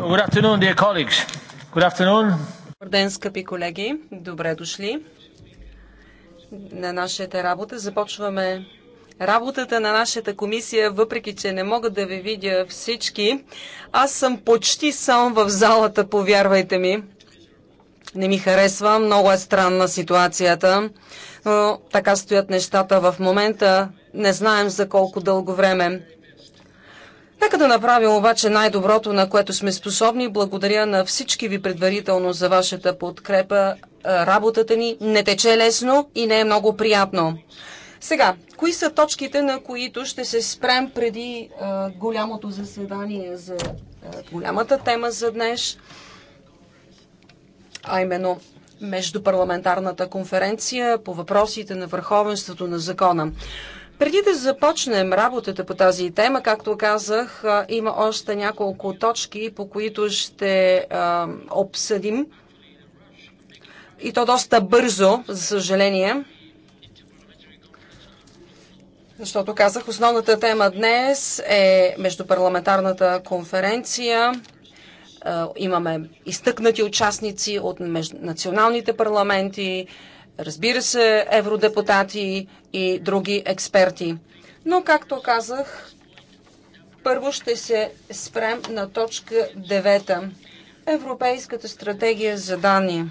Good afternoon, dear colleagues. Good afternoon. Добър ден, скъпи колеги. Добре дошли на нашата работа. Започваме работата на нашата комисия, въпреки че не мога да ви видя всички. Аз съм почти сам в залата, повярвайте ми. Не ми харесва, много е странна ситуацията, но така стоят нещата в момента. Не знаем за колко дълго време. Нека да направим обаче най-доброто, на което сме способни. Благодаря на всички ви предварително за вашата подкрепа. Работата ни не тече лесно и не е много приятно. Сега, кои са точките, на които ще се спрем преди а, голямото заседание за а, голямата тема за днес, а именно Междупарламентарната конференция по въпросите на върховенството на закона. Преди да започнем работата по тази тема, както казах, има още няколко точки, по които ще а, обсъдим. И то доста бързо, за съжаление. Защото казах, основната тема днес е междупарламентарната конференция. Имаме изтъкнати участници от националните парламенти, разбира се, евродепутати и други експерти. Но, както казах, първо ще се спрем на точка 9. Европейската стратегия за данни.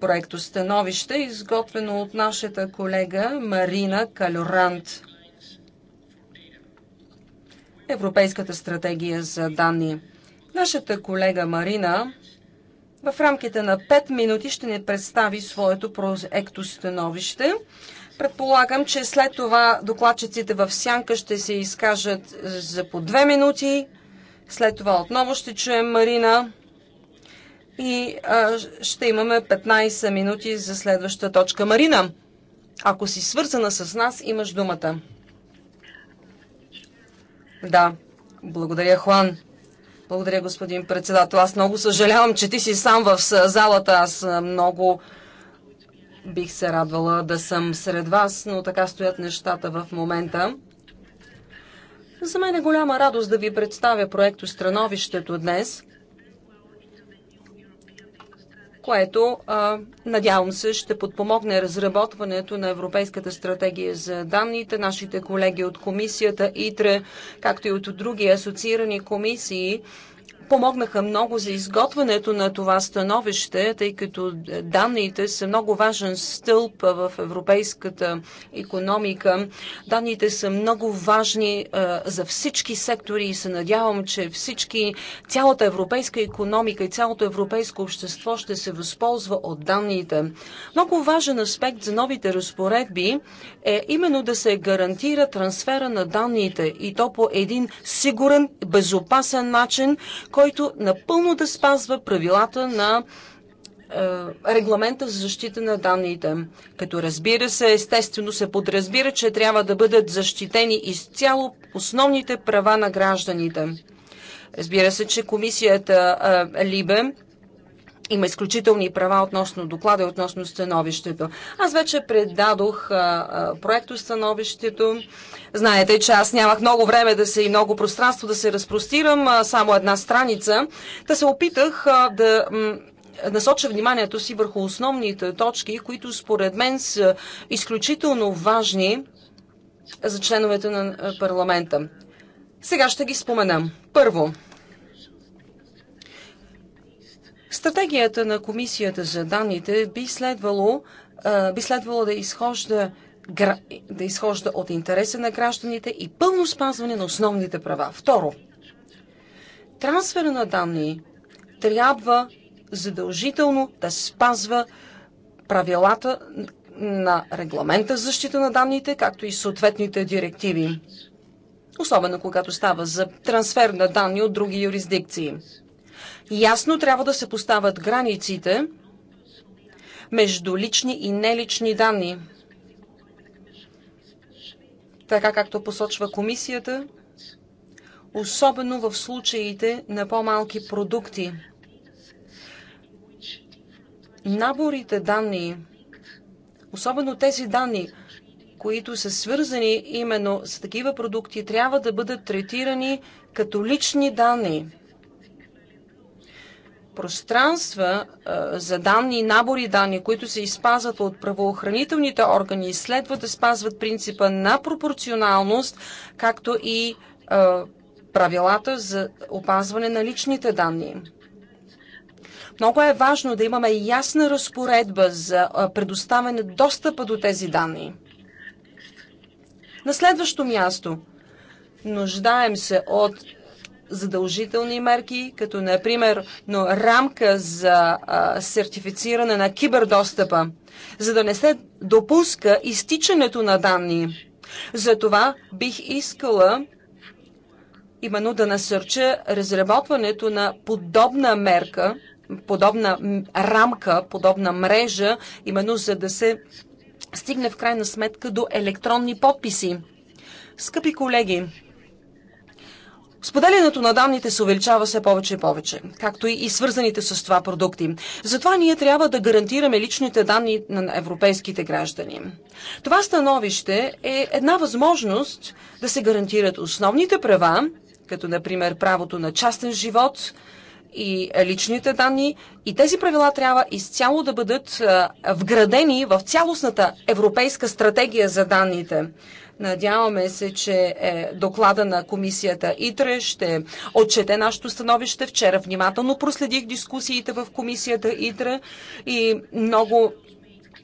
Проекто становище, изготвено от нашата колега Марина Калорант. Европейската стратегия за данни. Нашата колега Марина в рамките на 5 минути ще ни представи своето проекто становище. Предполагам, че след това докладчиците в сянка ще се изкажат е, за по 2 минути. След това отново ще чуем Марина и а, ще имаме 15 минути за следващата точка. Марина, ако си свързана с нас, имаш думата. Да, благодаря, Хуан. Благодаря, господин председател. Аз много съжалявам, че ти си сам в залата. Аз много бих се радвала да съм сред вас, но така стоят нещата в момента. За мен е голяма радост да ви представя проекто Страновището днес – което надявам се ще подпомогне разработването на Европейската стратегия за данните. Нашите колеги от комисията ИТРЕ, както и от други асоциирани комисии, помогнаха много за изготвянето на това становище, тъй като данните са много важен стълб в европейската економика. Данните са много важни е, за всички сектори и се надявам, че всички, цялата европейска економика и цялото европейско общество ще се възползва от данните. Много важен аспект за новите разпоредби е именно да се гарантира трансфера на данните и то по един сигурен, безопасен начин, който който напълно да спазва правилата на е, регламента за защита на данните. Като разбира се, естествено се подразбира, че трябва да бъдат защитени изцяло основните права на гражданите. Разбира се, че комисията е, Либе има изключителни права относно доклада и относно становището. Аз вече предадох а, е, проекто становището Знаете, че аз нямах много време да се и много пространство да се разпростирам, само една страница. Та се опитах да насоча вниманието си върху основните точки, които според мен са изключително важни за членовете на парламента. Сега ще ги споменам. Първо, стратегията на комисията за данните би следвало, би следвало да изхожда да изхожда от интереса на гражданите и пълно спазване на основните права. Второ, трансфера на данни трябва задължително да спазва правилата на регламента за защита на данните, както и съответните директиви. Особено когато става за трансфер на данни от други юрисдикции. Ясно трябва да се поставят границите между лични и нелични данни – така както посочва комисията, особено в случаите на по-малки продукти. Наборите данни, особено тези данни, които са свързани именно с такива продукти, трябва да бъдат третирани като лични данни пространства а, за данни и набори данни, които се изпазват от правоохранителните органи, следва да спазват принципа на пропорционалност, както и а, правилата за опазване на личните данни. Много е важно да имаме ясна разпоредба за предоставяне достъпа до тези данни. На следващо място, нуждаем се от задължителни мерки, като например но рамка за а, сертифициране на кибердостъпа, за да не се допуска изтичането на данни. Затова бих искала именно да насърча разработването на подобна мерка, подобна рамка, подобна мрежа, именно за да се стигне в крайна сметка до електронни подписи. Скъпи колеги, Споделянето на данните се увеличава все повече и повече, както и свързаните с това продукти. Затова ние трябва да гарантираме личните данни на европейските граждани. Това становище е една възможност да се гарантират основните права, като например правото на частен живот и е, личните данни. И тези правила трябва изцяло да бъдат е, вградени в цялостната европейска стратегия за данните. Надяваме се, че е, доклада на комисията ИТРЕ ще отчете нашето становище. Вчера внимателно проследих дискусиите в комисията ИТРЕ и много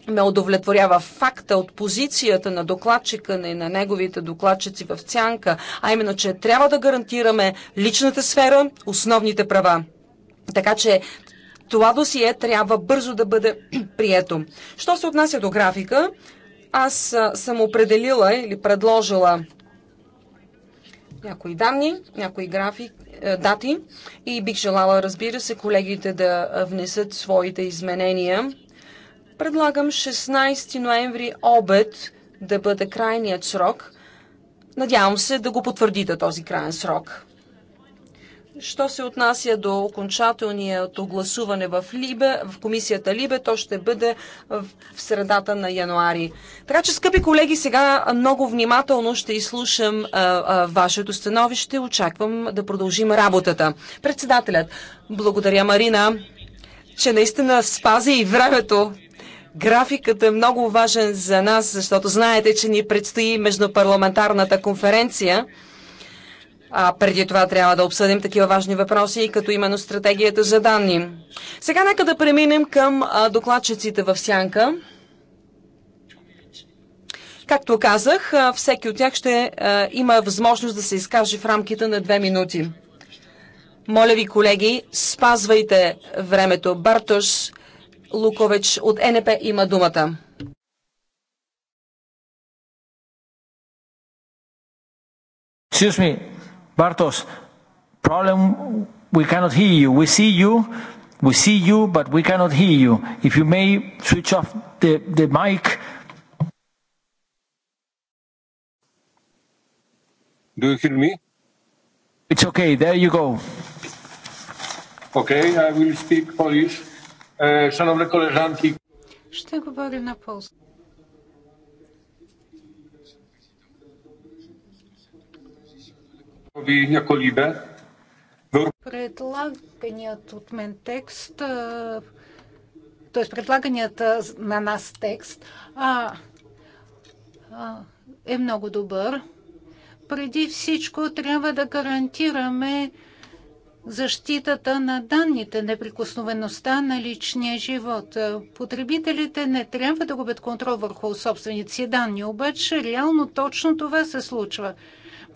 ме удовлетворява факта от позицията на докладчика и на неговите докладчици в Цянка, а именно, че трябва да гарантираме личната сфера, основните права. Така че това досие трябва бързо да бъде прието. Що се отнася до графика, аз съм определила или предложила някои данни, някои график, е, дати и бих желала, разбира се, колегите да внесат своите изменения. Предлагам 16 ноември обед да бъде крайният срок. Надявам се да го потвърдите този крайен срок. Що се отнася до окончателното гласуване в, Либе, в комисията Либе, то ще бъде в средата на януари. Така че, скъпи колеги, сега много внимателно ще изслушам а, а, вашето становище. Очаквам да продължим работата. Председателят, благодаря Марина, че наистина спази и времето. Графикът е много важен за нас, защото знаете, че ни предстои междупарламентарната конференция. А преди това трябва да обсъдим такива важни въпроси, като именно стратегията за данни. Сега нека да преминем към докладчиците в сянка. Както казах, всеки от тях ще има възможност да се изкаже в рамките на две минути. Моля ви, колеги, спазвайте времето. Бартош Лукович от НП е има думата. Excuse me, Bartos, problem, we cannot hear you. We see you, we see you, but we cannot hear you. If you may switch off the, the mic. Do you hear me? It's okay, there you go. Okay, I will speak Polish. Uh, Szanowne koleżanki. Ще говоря на полски. Предлаганият от мен текст, т.е. предлаганият на нас текст а, а, е много добър. Преди всичко трябва да гарантираме защитата на данните, неприкосновеността на личния живот. Потребителите не трябва да губят контрол върху собствените си данни, обаче реално точно това се случва –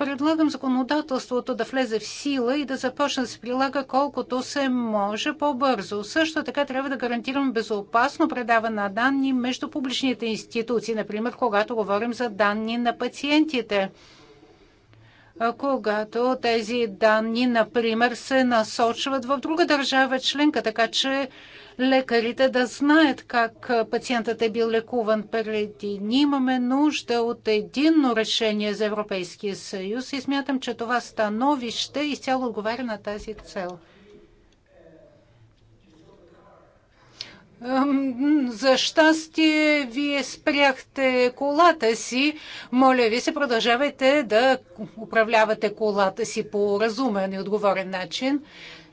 предлагам законодателството да влезе в сила и да започне да се прилага колкото се може по-бързо. Също така трябва да гарантираме безопасно предаване на данни между публичните институции, например, когато говорим за данни на пациентите когато тези данни, например, се насочват в друга държава членка, така че лекарите да знаят как пациентът е бил лекуван преди. Ние имаме нужда от единно решение за Европейския съюз и смятам, че това становище изцяло отговаря на тази цел. За щастие, вие спряхте колата си. Моля ви се, продължавайте да управлявате колата си по разумен и отговорен начин.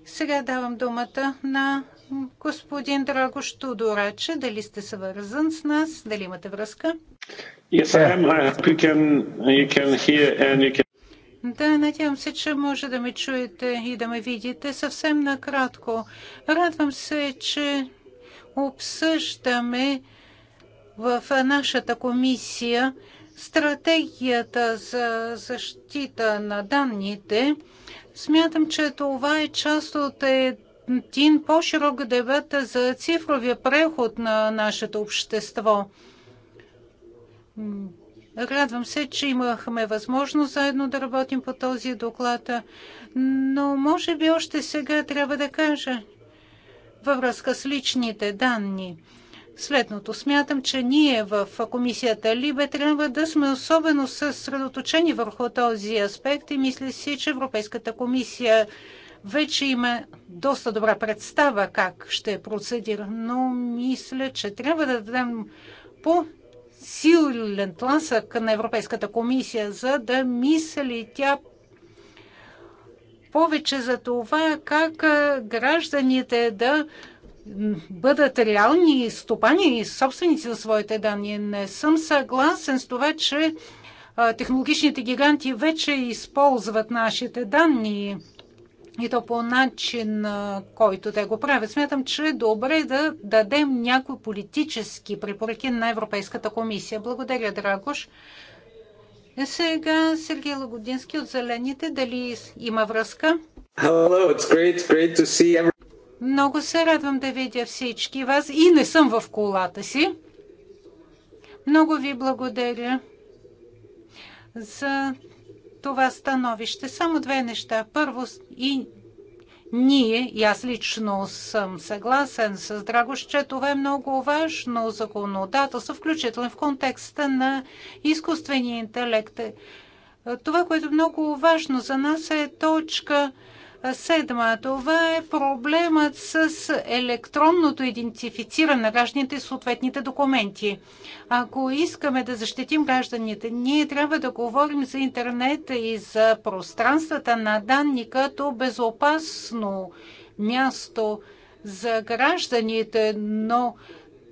Сега давам думата на господин Драгош Тодораче. Дали сте свързан с нас? Дали имате връзка? Yes, I am. You can, you can hear and you can... Да, надявам се, че може да ме чуете и да ме видите. Съвсем накратко. Радвам се, че обсъждаме в нашата комисия стратегията за защита на данните. Смятам, че това е част от един по-широк дебат за цифровия преход на нашето общество. Радвам се, че имахме възможност заедно да работим по този доклад, но може би още сега трябва да кажа във връзка с личните данни. Следното смятам, че ние в комисията Либе трябва да сме особено съсредоточени върху този аспект и мисля си, че Европейската комисия вече има доста добра представа как ще процедира, но мисля, че трябва да дадем по силен тласък на Европейската комисия, за да мисли тя повече за това как гражданите да бъдат реални стопани и собственици на своите данни. Не съм съгласен с това, че технологичните гиганти вече използват нашите данни и то по начин, който те го правят. Смятам, че е добре да дадем някои политически препоръки на Европейската комисия. Благодаря, Драгош. Е, сега Сергей Лагодински от Зелените. Дали има връзка? Hello, it's great, great to see every... Много се радвам да видя всички вас и не съм в колата си. Много ви благодаря за това становище. Само две неща. Първо, и ние, и аз лично съм съгласен с Драгош, че това е много важно законодателство, включително в контекста на изкуствения интелект. Това, което е много важно за нас е точка Седма, това е проблемът с електронното идентифициране на гражданите и съответните документи. Ако искаме да защитим гражданите, ние трябва да говорим за интернет и за пространствата на данни като безопасно място за гражданите, но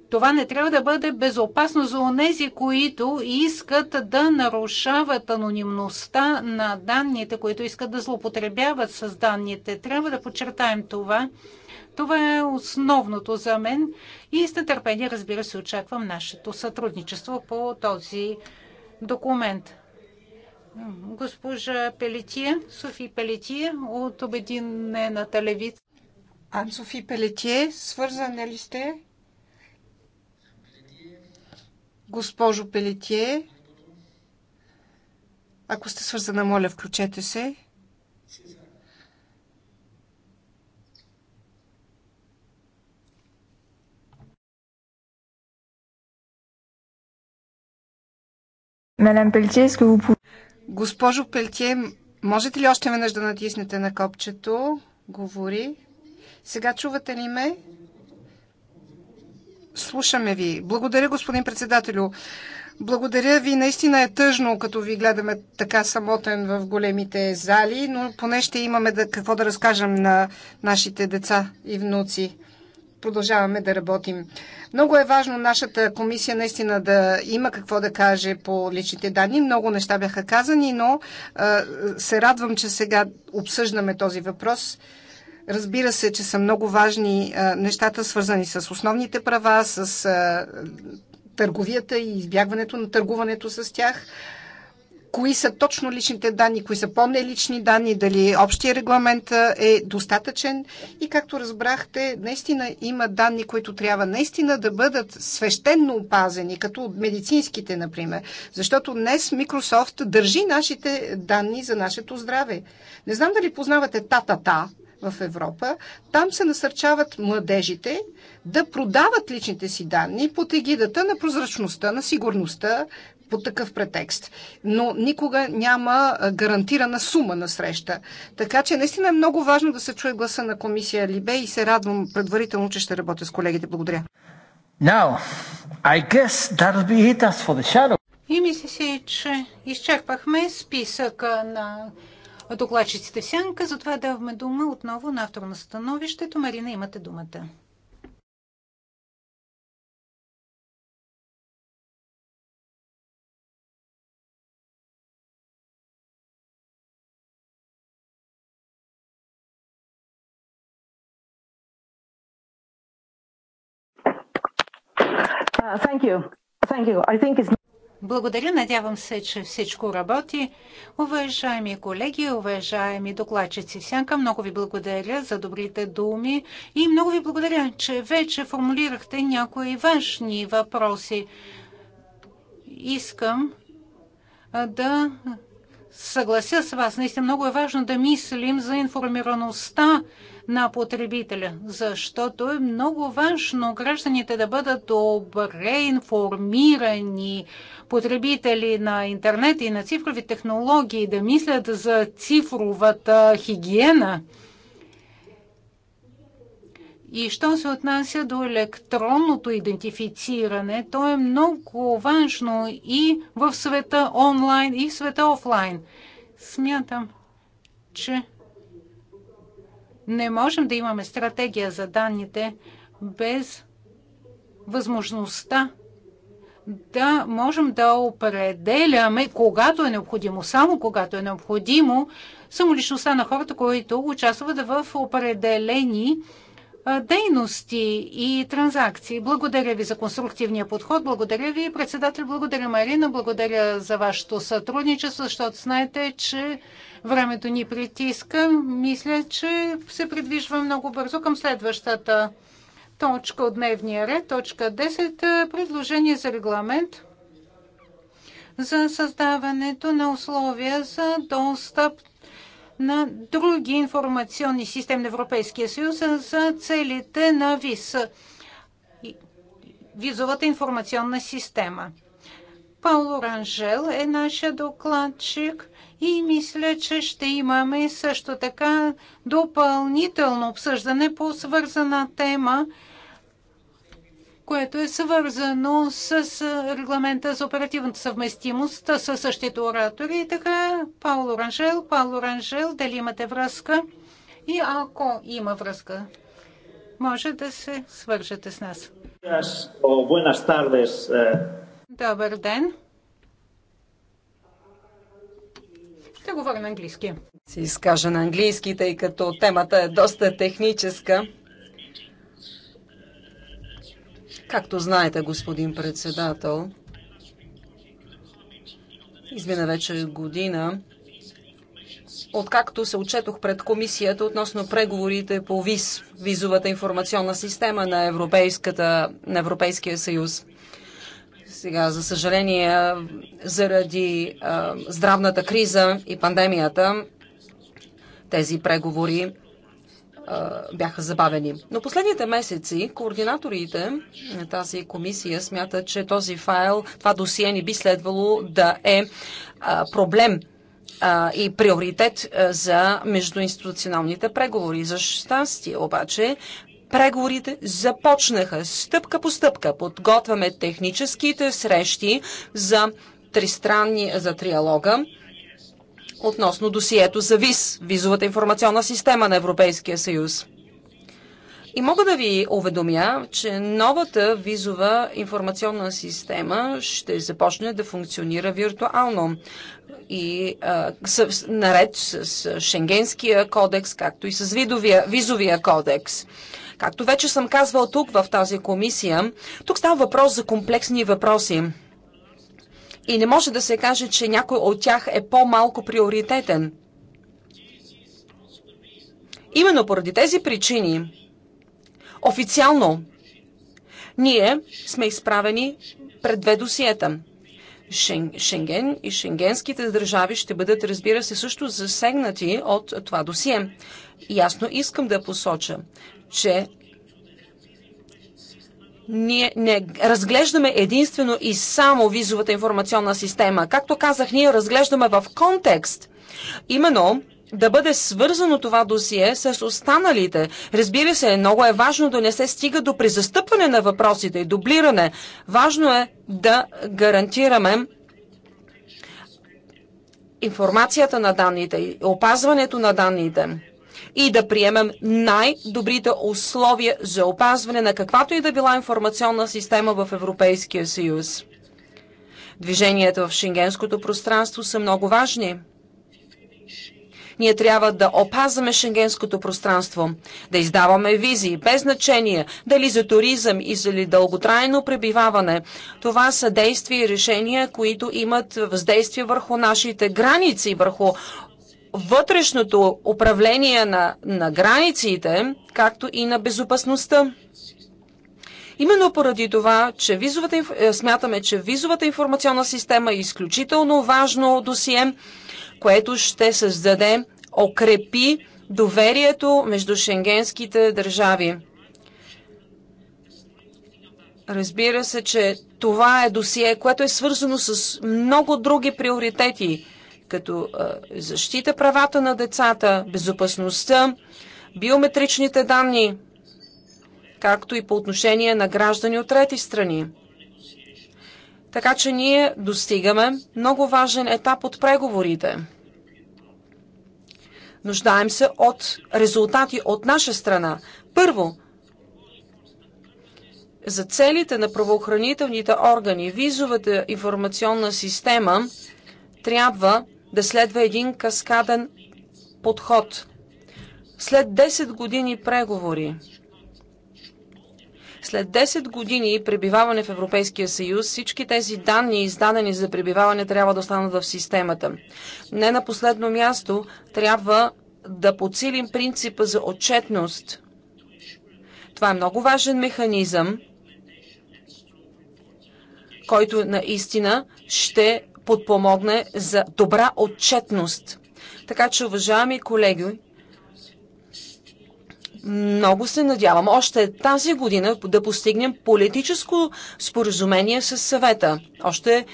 това не трябва да бъде безопасно за онези, които искат да нарушават анонимността на данните, които искат да злоупотребяват с данните. Трябва да подчертаем това. Това е основното за мен и с нетърпение, разбира се, очаквам нашето сътрудничество по този документ. Госпожа Пелетие, Софи Пелетие от Обединена телевизия. Ан Софи Пелетие, свързана ли сте? Госпожо Пелетие, ако сте свързана, моля, включете се. Мадам Госпожо Пелтие, можете ли още веднъж да натиснете на копчето? Говори. Сега чувате ли ме? Слушаме ви. Благодаря, господин председателю. Благодаря ви. Наистина е тъжно, като ви гледаме така самотен в големите зали, но поне ще имаме да, какво да разкажем на нашите деца и внуци. Продължаваме да работим. Много е важно нашата комисия наистина да има какво да каже по личните данни. Много неща бяха казани, но а, се радвам, че сега обсъждаме този въпрос. Разбира се, че са много важни нещата, свързани с основните права, с търговията и избягването на търгуването с тях. Кои са точно личните данни, кои са по-нелични данни, дали общия регламент е достатъчен. И както разбрахте, наистина има данни, които трябва наистина да бъдат свещенно опазени, като медицинските, например. Защото днес Microsoft държи нашите данни за нашето здраве. Не знам дали познавате ТАТАТА, -та -та, в Европа. Там се насърчават младежите да продават личните си данни под егидата на прозрачността, на сигурността, по такъв претекст. Но никога няма гарантирана сума на среща. Така че наистина е много важно да се чуе гласа на комисия Либе и се радвам предварително, че ще работя с колегите. Благодаря. Now, I guess that'll be it as for the shadow. И мисля си, че изчерпахме списъка на докладчиците в сянка, затова даваме дума отново на автор на становището. Марина, имате думата. Uh, Thank you. Thank you. I think it's благодаря. Надявам се, че всичко работи. Уважаеми колеги, уважаеми докладчици Сянка, много ви благодаря за добрите думи и много ви благодаря, че вече формулирахте някои важни въпроси. Искам да съглася с вас. Наистина много е важно да мислим за информираността на потребителя, защото е много важно гражданите да бъдат добре информирани потребители на интернет и на цифрови технологии, да мислят за цифровата хигиена. И що се отнася до електронното идентифициране, то е много важно и в света онлайн, и в света офлайн. Смятам, че не можем да имаме стратегия за данните без възможността да можем да определяме, когато е необходимо, само когато е необходимо, самоличността на хората, които участват в определени дейности и транзакции. Благодаря ви за конструктивния подход. Благодаря ви, председател. Благодаря, Марина. Благодаря за вашето сътрудничество, защото знаете, че времето ни притиска. Мисля, че се придвижва много бързо към следващата точка от дневния ред. Точка 10. Е предложение за регламент за създаването на условия за достъп на други информационни системи на Европейския съюз за целите на ВИС, визовата информационна система. Пауло Ранжел е нашия докладчик и мисля, че ще имаме също така допълнително обсъждане по свързана тема което е свързано с регламента за оперативната съвместимост с същите оратори. И така, Пауло Ранжел, Пауло Ранжел, дали имате връзка? И ако има връзка, може да се свържете с нас. Е. Добър ден. Ще говоря на английски. Си изкажа на английски, тъй като темата е доста техническа. Както знаете, господин председател, измина вече година, откакто се отчетох пред комисията относно преговорите по ВИС, визовата информационна система на, Европейската, на Европейския съюз. Сега, за съжаление, заради а, здравната криза и пандемията, тези преговори бяха забавени. Но последните месеци координаторите на тази комисия смятат, че този файл, това досие ни би следвало да е проблем и приоритет за междуинституционалните преговори. За щастие обаче преговорите започнаха стъпка по стъпка. Подготвяме техническите срещи за тристранни за триалога относно досието за ВИС, визовата информационна система на Европейския съюз. И мога да ви уведомя, че новата визова информационна система ще започне да функционира виртуално и а, с, наред с, с Шенгенския кодекс, както и с видовия, визовия кодекс. Както вече съм казвал тук в тази комисия, тук става въпрос за комплексни въпроси и не може да се каже, че някой от тях е по-малко приоритетен. Именно поради тези причини официално ние сме изправени пред две досиета. Шенген и шенгенските държави ще бъдат, разбира се, също засегнати от това досие. И ясно искам да посоча, че ние не разглеждаме единствено и само визовата информационна система. Както казах, ние разглеждаме в контекст. Именно да бъде свързано това досие с останалите. Разбира се, много е важно да не се стига до призастъпване на въпросите и дублиране. Важно е да гарантираме информацията на данните и опазването на данните и да приемем най-добрите условия за опазване на каквато и да била информационна система в Европейския съюз. Движенията в шенгенското пространство са много важни. Ние трябва да опазваме шенгенското пространство, да издаваме визии, без значение дали за туризъм и за дълготрайно пребиваване. Това са действия и решения, които имат въздействие върху нашите граници, върху вътрешното управление на, на границите, както и на безопасността. Именно поради това, че визовата, е, смятаме, че визовата информационна система е изключително важно досие, което ще създаде, окрепи доверието между шенгенските държави. Разбира се, че това е досие, което е свързано с много други приоритети – като защита правата на децата, безопасността, биометричните данни, както и по отношение на граждани от трети страни. Така че ние достигаме много важен етап от преговорите. Нуждаем се от резултати от наша страна. Първо, за целите на правоохранителните органи, визовата информационна система трябва да следва един каскаден подход. След 10 години преговори, след 10 години пребиваване в Европейския съюз, всички тези данни, издадени за пребиваване, трябва да останат в системата. Не на последно място, трябва да подсилим принципа за отчетност. Това е много важен механизъм, който наистина ще подпомогне за добра отчетност. Така че, уважаеми колеги, много се надявам още тази година да постигнем политическо споразумение с съвета. Още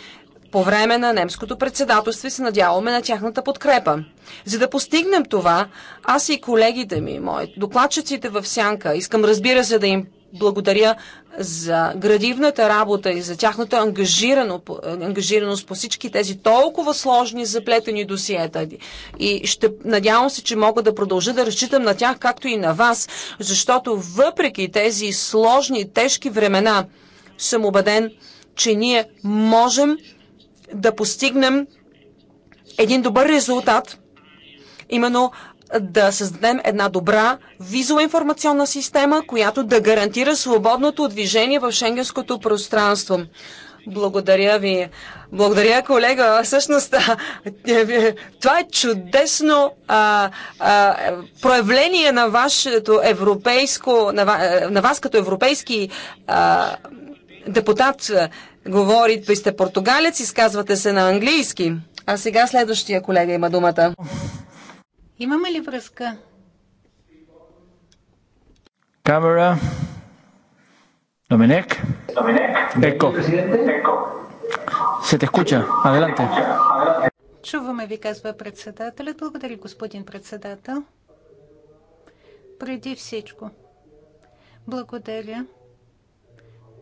по време на немското председателство се надяваме на тяхната подкрепа. За да постигнем това, аз и колегите ми, мои докладчиците в Сянка, искам разбира се да им благодаря за градивната работа и за тяхната ангажирано, ангажираност по всички тези толкова сложни заплетени досиета. И ще надявам се, че мога да продължа да разчитам на тях, както и на вас, защото въпреки тези сложни и тежки времена, съм убеден, че ние можем да постигнем един добър резултат, именно да създадем една добра визова информационна система, която да гарантира свободното движение в шенгенското пространство. Благодаря ви. Благодаря, колега. Всъщност, е, това е чудесно а, а, проявление на вашето европейско, на, е, на вас като европейски а, депутат. Говорите, сте португалец, изказвате се на английски. А сега следващия колега има думата. Имаме ли връзка? Камера. Доминек. Еко. Се те скуча. Аделанте. Чуваме ви, казва председателят. Благодаря, господин председател. Преди всичко, благодаря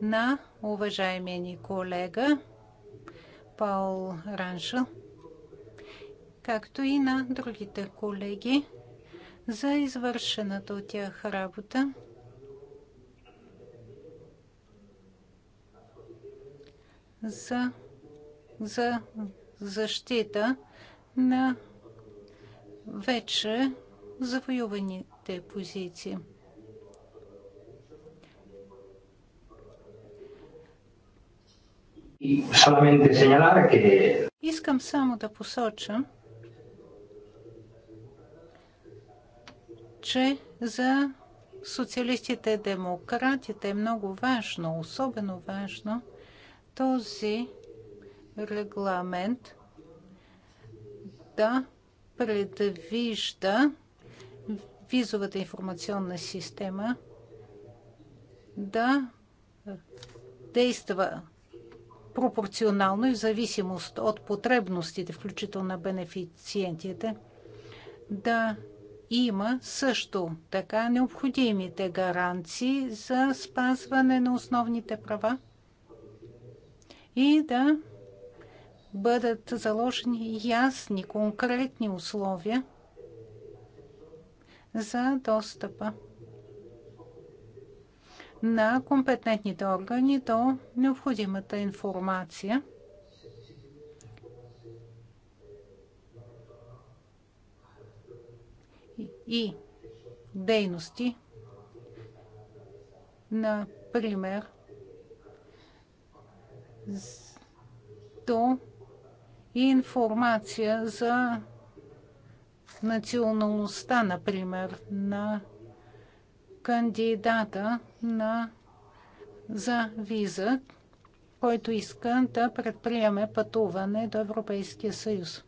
на уважаемия ни колега Паул Раншел както и на другите колеги за извършената от тях работа. За, за защита на вече завоюваните позиции. Искам само да посоча, че за социалистите демократите е много важно, особено важно, този регламент да предвижда визовата информационна система да действа пропорционално и в зависимост от потребностите, включително на бенефициентите, да има също така необходимите гаранции за спазване на основните права и да бъдат заложени ясни, конкретни условия за достъпа на компетентните органи до необходимата информация и дейности. Например, то информация за националността, например, на кандидата на, за виза, който иска да предприеме пътуване до Европейския съюз.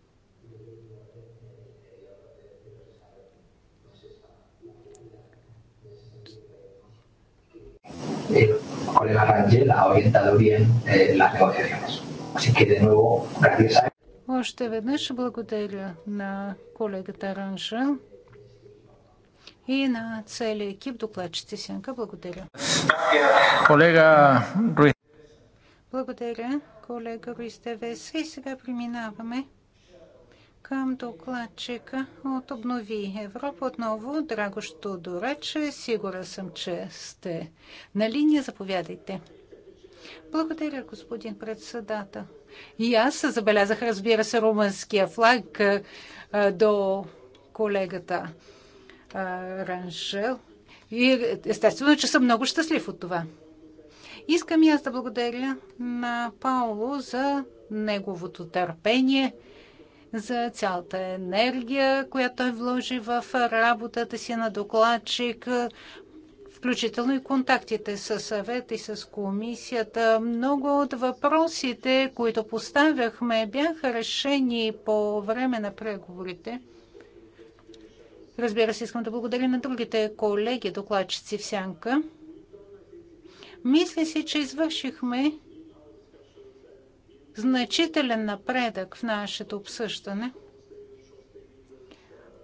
eh, colega Rangel ha orientado bien eh, las negociaciones. Así que de nuevo, gracias a él. Още веднъж благодаря на колегата Ранжел и на целия екип докладчици Сенка. Благодаря. Колега Руис. Благодаря, колега Руис ТВС. И сега преминаваме към докладчика от Обнови Европа. Отново, Драго Штодорече, сигурен съм, че сте на линия. Заповядайте. Благодаря, господин председател. И аз забелязах, разбира се, румънския флаг до колегата Ранжел. И естествено, че съм много щастлив от това. Искам и аз да благодаря на Пауло за неговото търпение – за цялата енергия, която той вложи в работата си на докладчик, включително и контактите с съвет и с комисията. Много от въпросите, които поставяхме, бяха решени по време на преговорите. Разбира се, искам да благодаря на другите колеги, докладчици в Сянка. Мисля си, че извършихме значителен напредък в нашето обсъждане,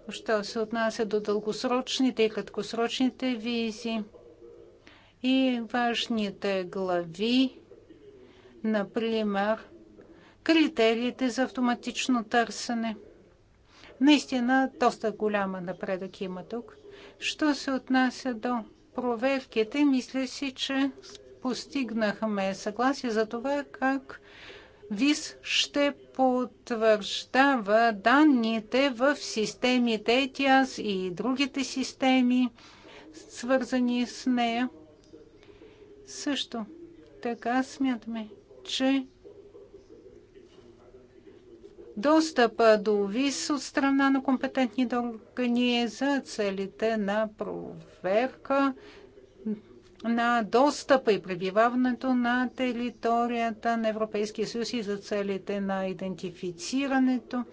що се отнася до дългосрочните и краткосрочните визи и важните глави, например, критериите за автоматично търсене. Наистина, доста голяма напредък има тук. Що се отнася до проверките, мисля си, че постигнахме съгласие за това как ВИС ще потвърждава данните в системите ETIAS и другите системи, свързани с нея. Също така смятаме, че достъпа до ВИС от страна на компетентни органи е за целите на проверка на достъпа и пребиваването на територията на Европейския съюз и за целите на идентифицирането.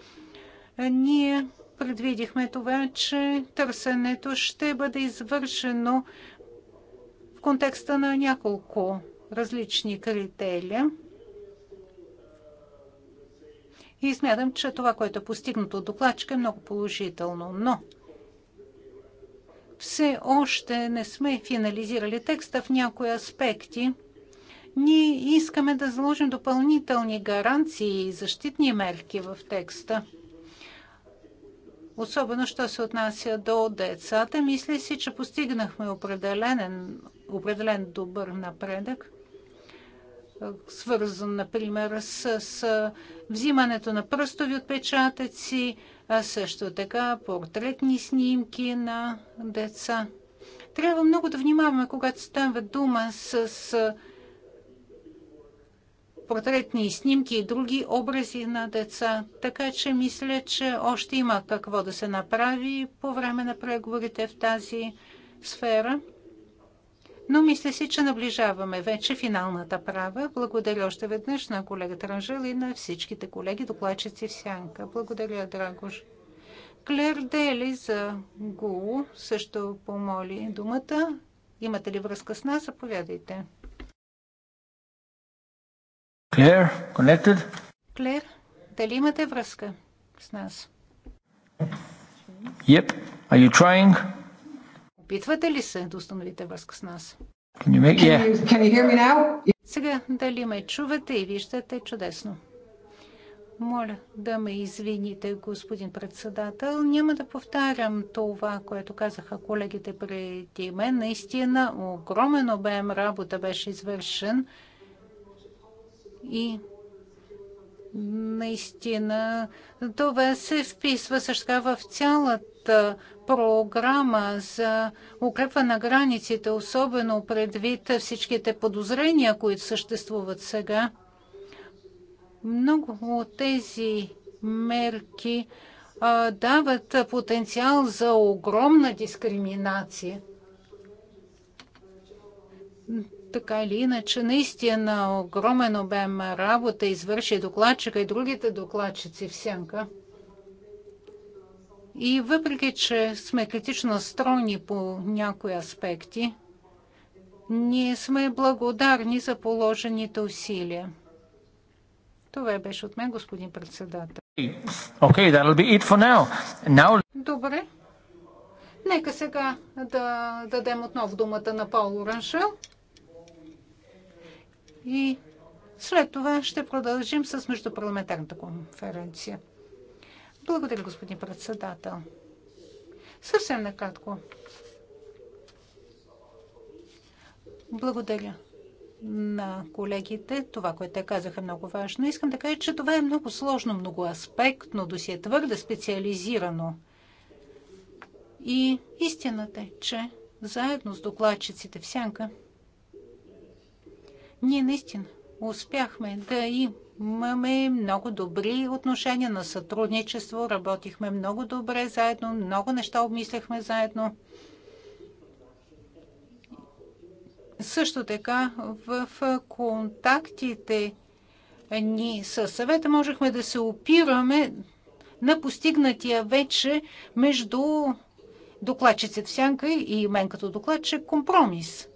Ние предвидихме това, че търсенето ще бъде извършено в контекста на няколко различни критерия. И смятам, че това, което е постигнато от докладчика е много положително. Но все още не сме финализирали текста в някои аспекти. Ние искаме да заложим допълнителни гаранции и защитни мерки в текста. Особено, що се отнася до децата, мисля си, че постигнахме определен, определен добър напредък свързан, например, с, с взимането на пръстови отпечатъци, а също така портретни снимки на деца. Трябва много да внимаваме, когато става дума с, с портретни снимки и други образи на деца. Така че мисля, че още има какво да се направи по време на преговорите в тази сфера но мисля си, че наближаваме вече финалната права. Благодаря още веднъж на колегата Транжел и на всичките колеги, докладчици в сянка. Благодаря, Драгош. Клер Дели за ГУ също помоли думата. Имате ли връзка с нас? Заповядайте. Клер, connected? Клер, дали имате връзка с нас? Yep. Are you trying? Опитвате ли се да установите връзка с нас? Сега дали ме чувате и виждате чудесно. Моля да ме извините, господин председател. Няма да повтарям това, което казаха колегите преди мен. Наистина огромен обем работа беше извършен и наистина това се вписва също в цялата програма за укрепване на границите, особено предвид всичките подозрения, които съществуват сега, много от тези мерки а, дават потенциал за огромна дискриминация. Така или иначе, наистина огромен обем работа извърши докладчика и другите докладчици в сянка. И въпреки, че сме критично настроени по някои аспекти, ние сме благодарни за положените усилия. Това беше от мен, господин председател. Okay, that'll be it for now. Now... Добре. Нека сега да дадем отново думата на Пол Оранжел. И след това ще продължим с междупарламентарната конференция. Благодаря, господин председател. Съвсем накратко. Благодаря на колегите. Това, което те казаха, е много важно. Искам да кажа, че това е много сложно, много аспектно, многоаспектно досие, е твърде специализирано. И истината е, че заедно с докладчиците в Сянка, ние наистина успяхме да им имаме много добри отношения на сътрудничество, работихме много добре заедно, много неща обмисляхме заедно. Също така в контактите ни с съвета можехме да се опираме на постигнатия вече между докладчицата сянка и мен като докладчик компромис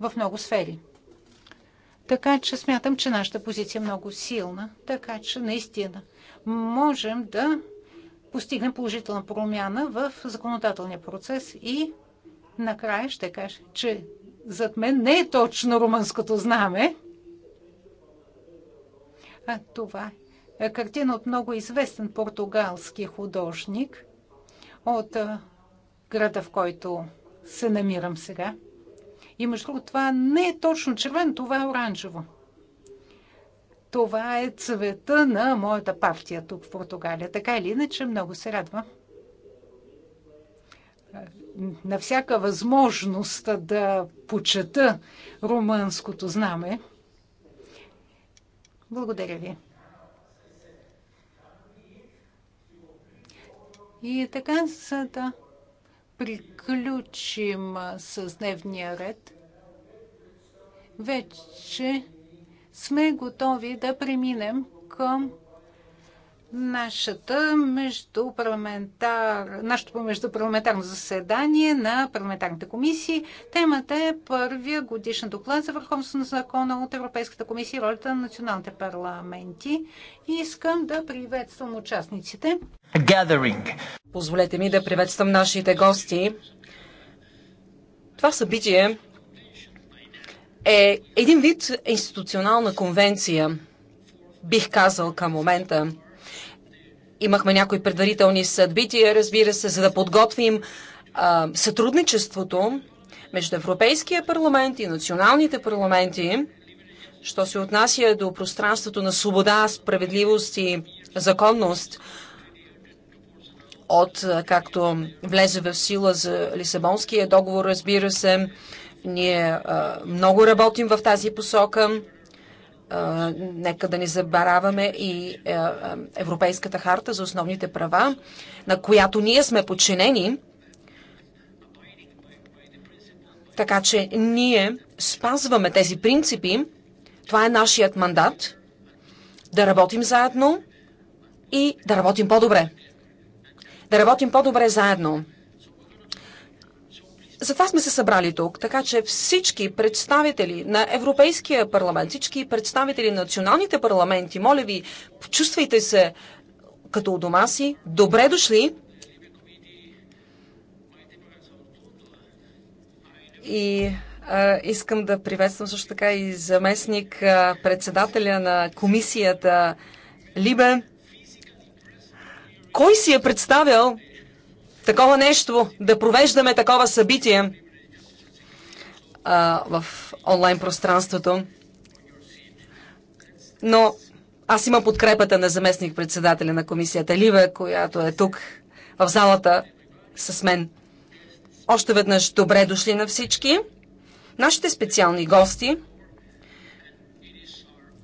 в много сфери. Така че смятам, че нашата позиция е много силна, така че наистина можем да постигнем положителна промяна в законодателния процес и накрая ще кажа, че зад мен не е точно румънското знаме, а това е картина от много известен португалски художник от града, в който се намирам сега – и между другото, това не е точно червено, това е оранжево. Това е цвета на моята партия тук в Португалия. Така или иначе, много се радва. на всяка възможност да почета румънското знаме. Благодаря ви. И така, за да приключим с дневния ред, вече сме готови да преминем към нашата междупарламентар... нашето междупарламентарно заседание на парламентарните комисии. Темата е първия годишен доклад за върховност на закона от Европейската комисия и ролята на националните парламенти. И искам да приветствам участниците. Gathering. Позволете ми да приветствам нашите гости. Това събитие е един вид институционална конвенция, бих казал към момента Имахме някои предварителни събития, разбира се, за да подготвим а, сътрудничеството между Европейския парламент и националните парламенти, що се отнася до пространството на свобода, справедливост и законност, от както влезе в сила за Лисабонския договор, разбира се, ние а, много работим в тази посока нека да не забравяме и е, е, Европейската харта за основните права, на която ние сме подчинени. Така че ние спазваме тези принципи. Това е нашият мандат да работим заедно и да работим по-добре. Да работим по-добре заедно. Затова сме се събрали тук, така че всички представители на Европейския парламент, всички представители на националните парламенти, моля ви, чувствайте се като у дома си, добре дошли. И а, искам да приветствам също така и заместник а, председателя на комисията Либе. Кой си е представил? такова нещо, да провеждаме такова събитие а, в онлайн пространството. Но аз имам подкрепата на заместник-председателя на комисията Лива, която е тук в залата с мен. Още веднъж добре дошли на всички. Нашите специални гости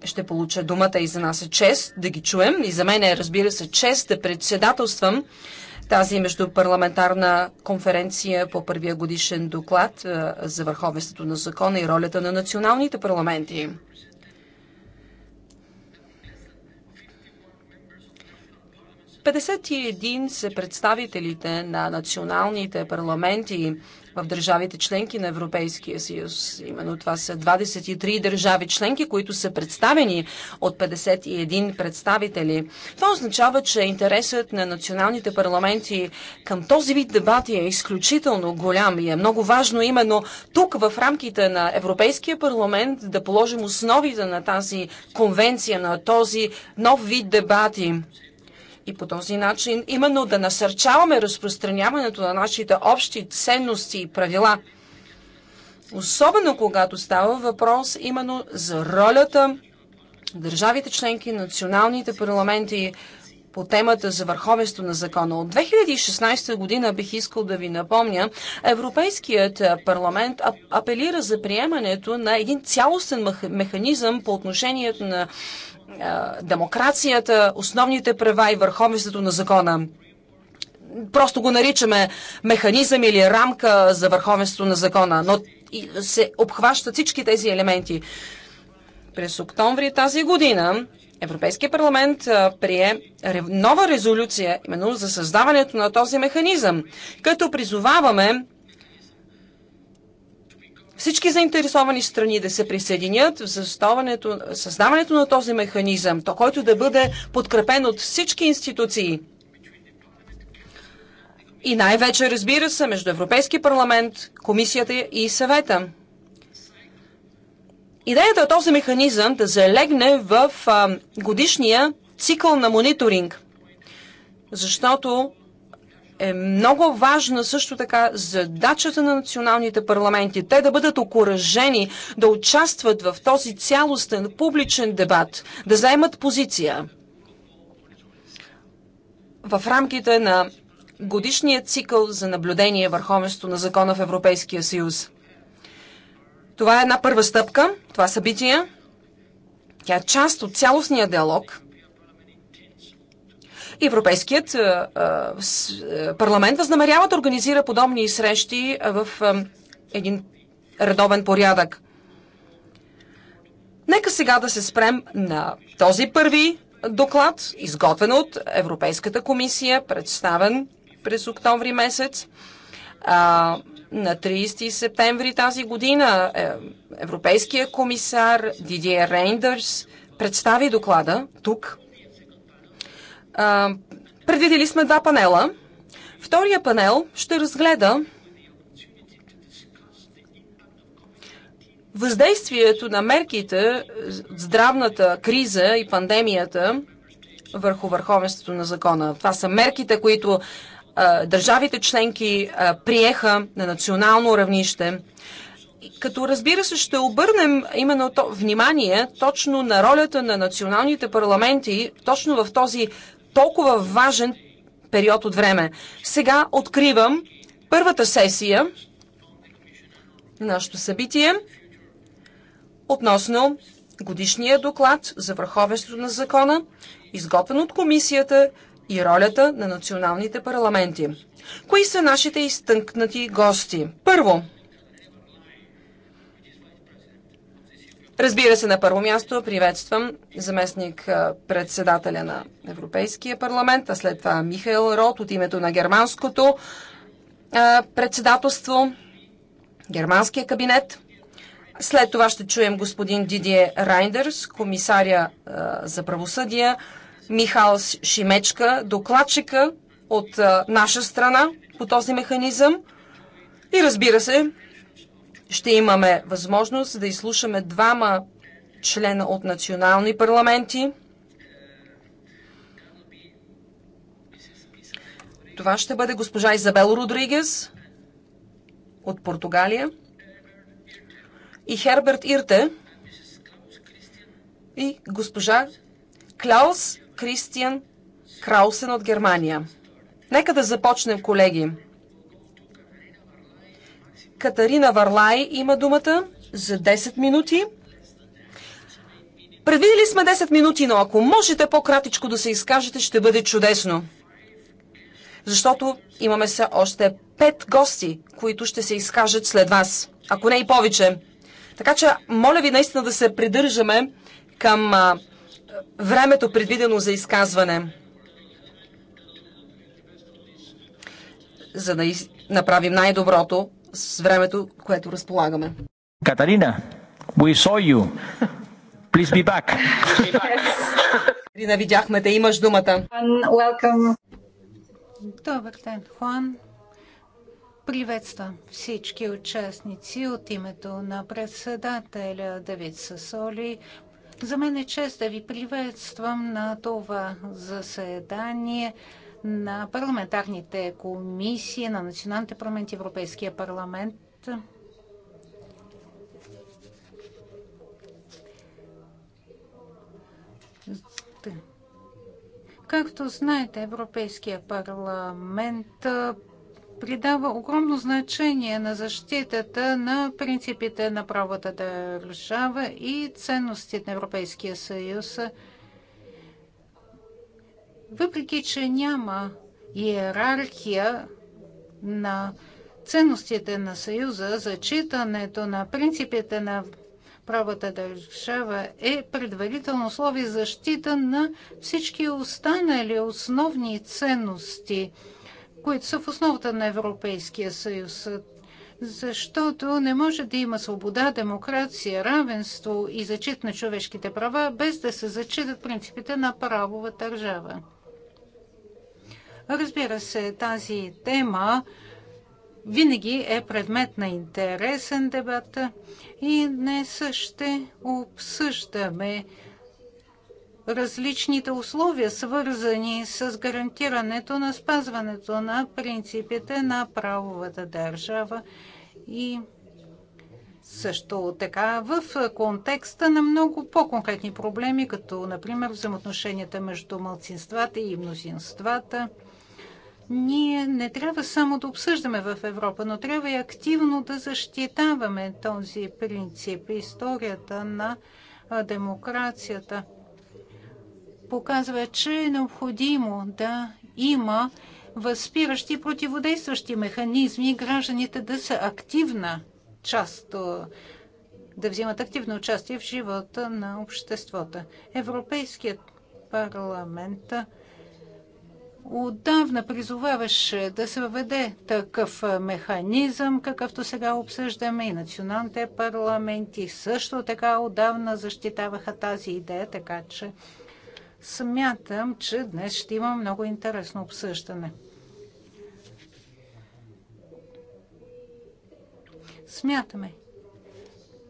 ще получа думата и за нас е чест да ги чуем. И за мен е, разбира се, чест да председателствам тази междупарламентарна конференция по първия годишен доклад е, за върховенството на закона и ролята на националните парламенти. Петдесет и един са представителите на националните парламенти в държавите членки на Европейския съюз. Именно това са 23 държави членки, които са представени от 51 представители. Това означава, че интересът на националните парламенти към този вид дебати е изключително голям и е много важно именно тук в рамките на Европейския парламент да положим основите на тази конвенция, на този нов вид дебати и по този начин именно да насърчаваме разпространяването на нашите общи ценности и правила. Особено когато става въпрос именно за ролята държавите членки, националните парламенти по темата за върховенство на закона. От 2016 година бих искал да ви напомня, Европейският парламент апелира за приемането на един цялостен механизъм по отношението на демокрацията, основните права и върховенството на закона. Просто го наричаме механизъм или рамка за върховенството на закона, но се обхващат всички тези елементи. През октомври тази година Европейския парламент прие нова резолюция именно за създаването на този механизъм, като призоваваме всички заинтересовани страни да се присъединят в създаването на този механизъм, то който да бъде подкрепен от всички институции. И най-вече, разбира се, между Европейски парламент, комисията и съвета. Идеята е този механизъм да залегне в годишния цикъл на мониторинг, защото е много важна също така задачата на националните парламенти. Те да бъдат окоръжени да участват в този цялостен публичен дебат, да заемат позиция в рамките на годишния цикъл за наблюдение върховенство на закона в Европейския съюз. Това е една първа стъпка, това събитие. Тя е част от цялостния диалог – Европейският парламент възнамерява да организира подобни срещи в един редовен порядък. Нека сега да се спрем на този първи доклад, изготвен от Европейската комисия, представен през октомври месец. А, на 30 септември тази година е, Европейския комисар Дидие Рейндърс представи доклада тук а, предвидели сме два панела. Втория панел ще разгледа въздействието на мерките, здравната криза и пандемията върху върховенството на закона. Това са мерките, които а, държавите членки а, приеха на национално равнище. Като разбира се, ще обърнем именно то, внимание точно на ролята на националните парламенти, точно в този толкова важен период от време. Сега откривам първата сесия на нашето събитие относно годишния доклад за върховенството на закона, изготвен от комисията и ролята на националните парламенти. Кои са нашите изтънкнати гости? Първо, Разбира се, на първо място приветствам заместник председателя на Европейския парламент, а след това Михаил Рот от името на германското председателство, германския кабинет. След това ще чуем господин Дидие Райндърс, комисаря за правосъдие, Михал Шимечка, докладчика от наша страна по този механизъм. И разбира се, ще имаме възможност да изслушаме двама члена от национални парламенти. Това ще бъде госпожа Изабел Родригес от Португалия и Херберт Ирте и госпожа Клаус Кристиан Краусен от Германия. Нека да започнем, колеги. Катарина Варлай има думата за 10 минути. Предвидели сме 10 минути, но ако можете по-кратичко да се изкажете, ще бъде чудесно. Защото имаме се още 5 гости, които ще се изкажат след вас, ако не и повече. Така че, моля ви наистина да се придържаме към а, времето предвидено за изказване. За да из... направим най-доброто с времето, което разполагаме. Катарина, we saw you. Please be back. Катарина, yes. видяхме те, имаш думата. Welcome. Добър ден, Хуан. Приветствам всички участници от името на председателя Давид Сасоли. За мен е чест да ви приветствам на това заседание на парламентарните комисии, на националните парламенти, Европейския парламент. Както знаете, Европейския парламент придава огромно значение на защитата на принципите на правата държава и ценностите на Европейския съюз – въпреки, че няма иерархия на ценностите на Съюза, зачитането на принципите на правата държава е предварително условие защита на всички останали основни ценности, които са в основата на Европейския съюз. Защото не може да има свобода, демокрация, равенство и зачит на човешките права, без да се зачитат принципите на правова държава. Разбира се, тази тема винаги е предмет на интересен дебат и днес ще обсъждаме различните условия, свързани с гарантирането на спазването на принципите на правовата държава и също така в контекста на много по-конкретни проблеми, като например взаимоотношенията между мълцинствата и мнозинствата – ние не трябва само да обсъждаме в Европа, но трябва и активно да защитаваме този принцип. Историята на демокрацията показва, че е необходимо да има възпиращи и противодействащи механизми гражданите да са активна част, да взимат активно участие в живота на обществото. Европейският парламент отдавна призоваваше да се въведе такъв механизъм, какъвто сега обсъждаме и националните парламенти също така отдавна защитаваха тази идея, така че смятам, че днес ще има много интересно обсъждане. Смятаме,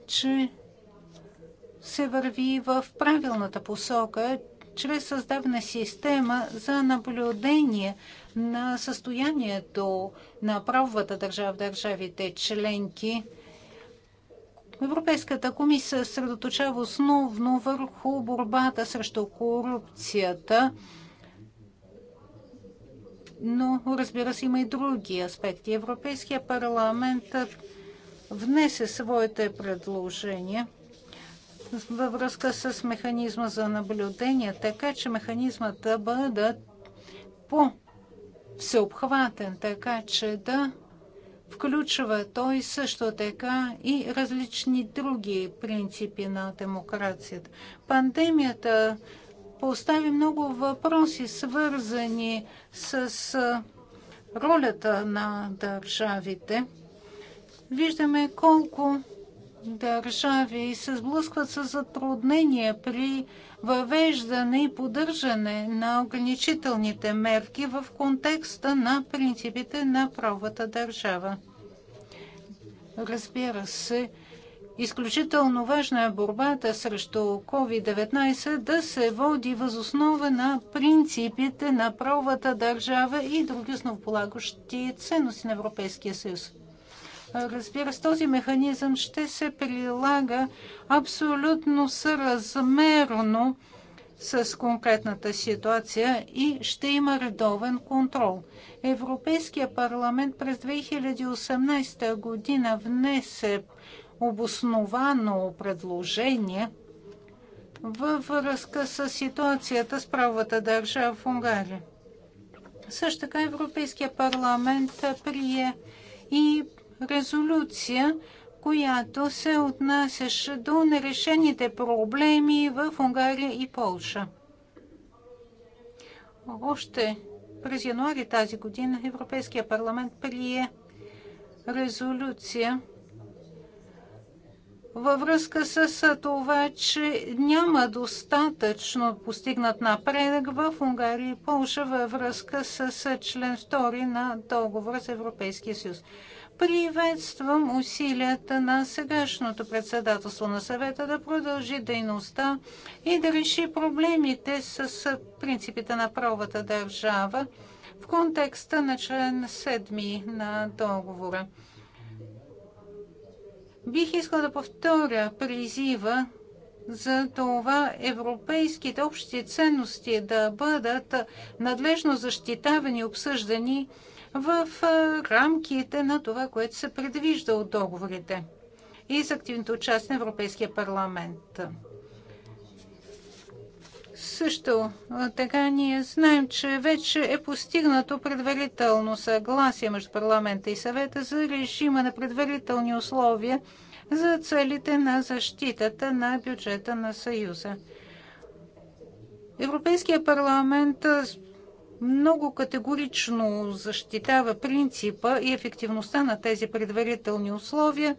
че се върви в правилната посока, чрез създаване система за наблюдение на състоянието на правовата държава в държавите членки. Европейската комисия съсредоточава основно върху борбата срещу корупцията, но разбира се има и други аспекти. Европейския парламент внесе своите предложения – във връзка с механизма за наблюдение, така че механизмът да бъде по-всеобхватен, така че да включва той също така и различни други принципи на демокрацията. Пандемията постави много въпроси, свързани с ролята на държавите. Виждаме колко държави се сблъскват с затруднения при въвеждане и поддържане на ограничителните мерки в контекста на принципите на правовата държава. Разбира се, изключително важна е борбата срещу COVID-19 да се води възоснова на принципите на правовата държава и други основополагащи ценности на Европейския съюз. Разбира се, този механизъм ще се прилага абсолютно съразмерно с конкретната ситуация и ще има редовен контрол. Европейския парламент през 2018 година внесе обосновано предложение във връзка с ситуацията с правата държава в Унгария. Също така Европейския парламент прие и резолюция, която се отнасяше до нерешените проблеми в Унгария и Полша. Още през януари тази година Европейския парламент прие резолюция във връзка с това, че няма достатъчно постигнат напредък в Унгария и Полша във връзка с член 2 на договор с Европейския съюз. Приветствам усилията на сегашното председателство на съвета да продължи дейността и да реши проблемите с принципите на правовата държава в контекста на член 7 на договора. Бих искал да повторя призива за това европейските общи ценности да бъдат надлежно защитавани и обсъждани в рамките на това, което се предвижда от договорите и с активното участие на Европейския парламент. Също така ние знаем, че вече е постигнато предварително съгласие между парламента и съвета за режима на предварителни условия за целите на защитата на бюджета на Съюза. Европейския парламент много категорично защитава принципа и ефективността на тези предварителни условия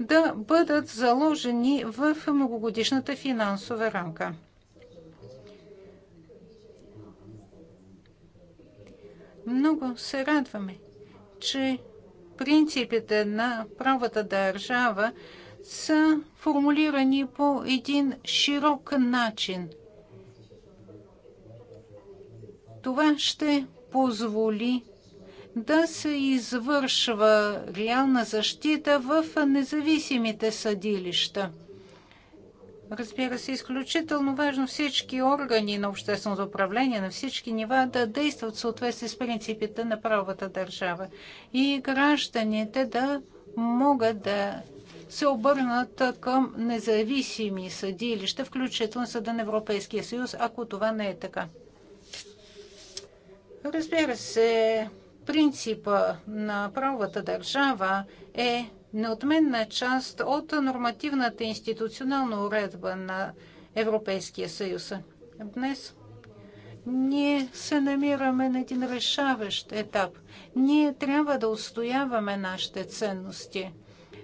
да бъдат заложени в многогодишната финансова рамка. Много се радваме, че принципите на правата държава са формулирани по един широк начин – това ще позволи да се извършва реална защита в независимите съдилища. Разбира се, изключително важно всички органи на общественото управление на всички нива да действат в съответствие с принципите на правовата държава и гражданите да могат да се обърнат към независими съдилища, включително Съда на Европейския съюз, ако това не е така. Разбира се, принципа на правовата държава е неотменна част от нормативната институционална уредба на Европейския съюз. Днес ние се намираме на един решаващ етап. Ние трябва да устояваме нашите ценности,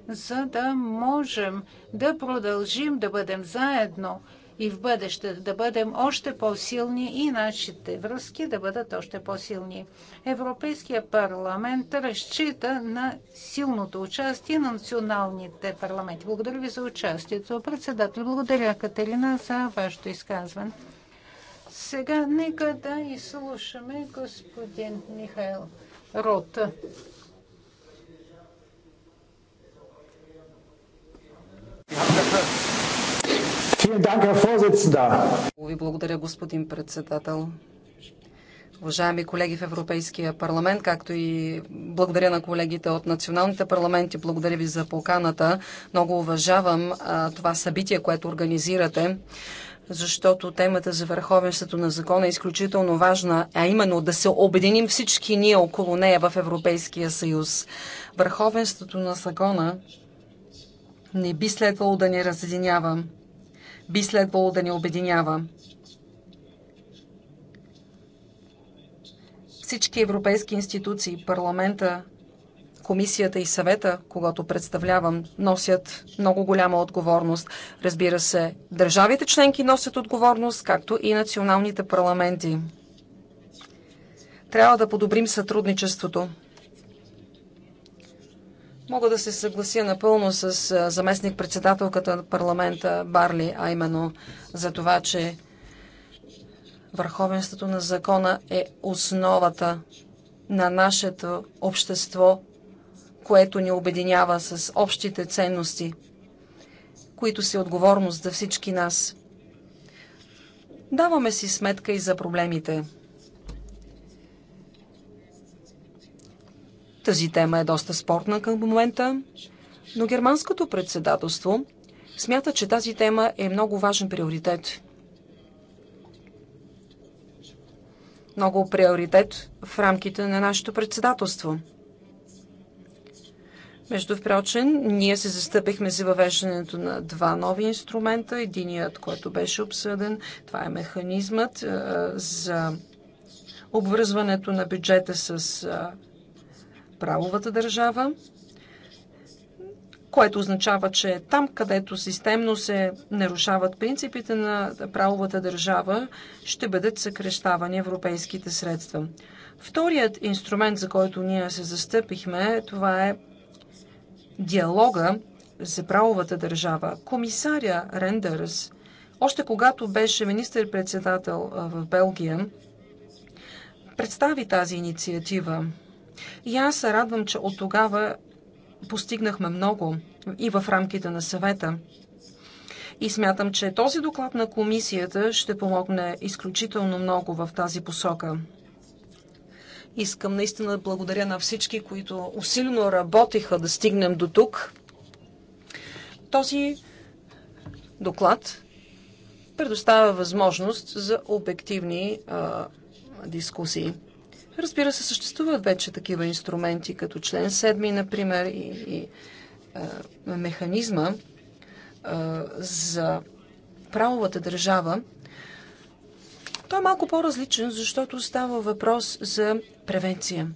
за да можем да продължим да бъдем заедно и в бъдеще да бъдем още по-силни и нашите връзки да бъдат още по-силни. Европейския парламент разчита на силното участие на националните парламенти. Благодаря ви за участието. Председател, благодаря Катерина за вашето изказване. Сега нека да изслушаме господин Михаил Рота. Ви благодаря, господин председател. Уважаеми колеги в Европейския парламент, както и благодаря на колегите от националните парламенти, благодаря ви за поканата. Много уважавам това събитие, което организирате, защото темата за върховенството на закона е изключително важна, а именно да се обединим всички ние около нея в Европейския съюз. Върховенството на закона не би следвало да ни разединява би следвало да ни обединява. Всички европейски институции, парламента, комисията и съвета, когато представлявам, носят много голяма отговорност. Разбира се, държавите членки носят отговорност, както и националните парламенти. Трябва да подобрим сътрудничеството. Мога да се съглася напълно с заместник-председателката на парламента Барли, а именно за това, че върховенството на закона е основата на нашето общество, което ни обединява с общите ценности, които си отговорност за всички нас. Даваме си сметка и за проблемите – Тази тема е доста спорна към момента, но германското председателство смята, че тази тема е много важен приоритет. Много приоритет в рамките на нашето председателство. Между впрочен, ние се застъпихме за въвеждането на два нови инструмента. Единият, който беше обсъден, това е механизмът за обвързването на бюджета с правовата държава, което означава, че там, където системно се нарушават принципите на правовата държава, ще бъдат съкрещавани европейските средства. Вторият инструмент, за който ние се застъпихме, това е диалога за правовата държава. Комисаря Рендърс, още когато беше министър-председател в Белгия, представи тази инициатива – и аз се радвам, че от тогава постигнахме много и в рамките на съвета. И смятам, че този доклад на комисията ще помогне изключително много в тази посока. Искам наистина да благодаря на всички, които усилено работиха да стигнем до тук. Този доклад предоставя възможност за обективни а, дискусии. Разбира се, съществуват вече такива инструменти, като член 7, например, и, и а, механизма а, за правовата държава. Той е малко по-различен, защото става въпрос за превенция,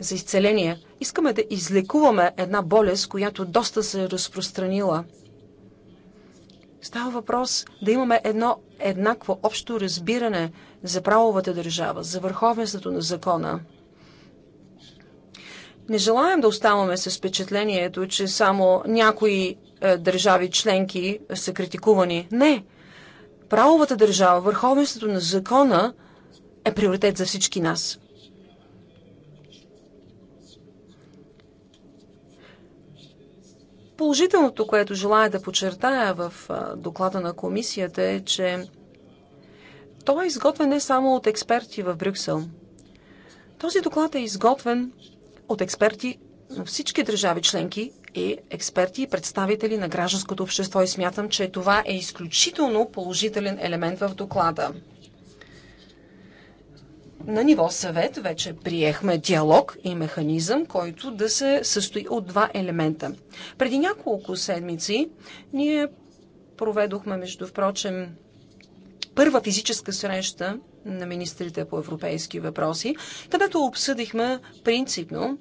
за изцеление. Искаме да излекуваме една болест, която доста се е разпространила – Става въпрос да имаме едно еднакво общо разбиране за правовата държава, за върховенството на закона. Не желаем да оставаме с впечатлението, че само някои е, държави членки са критикувани. Не. Правовата държава, върховенството на закона е приоритет за всички нас. Положителното, което желая да подчертая в доклада на комисията е, че той е изготвен не само от експерти в Брюксел. Този доклад е изготвен от експерти на всички държави членки и експерти и представители на гражданското общество и смятам, че това е изключително положителен елемент в доклада на ниво съвет вече приехме диалог и механизъм, който да се състои от два елемента. Преди няколко седмици ние проведохме, между впрочем, първа физическа среща на министрите по европейски въпроси, където обсъдихме принципно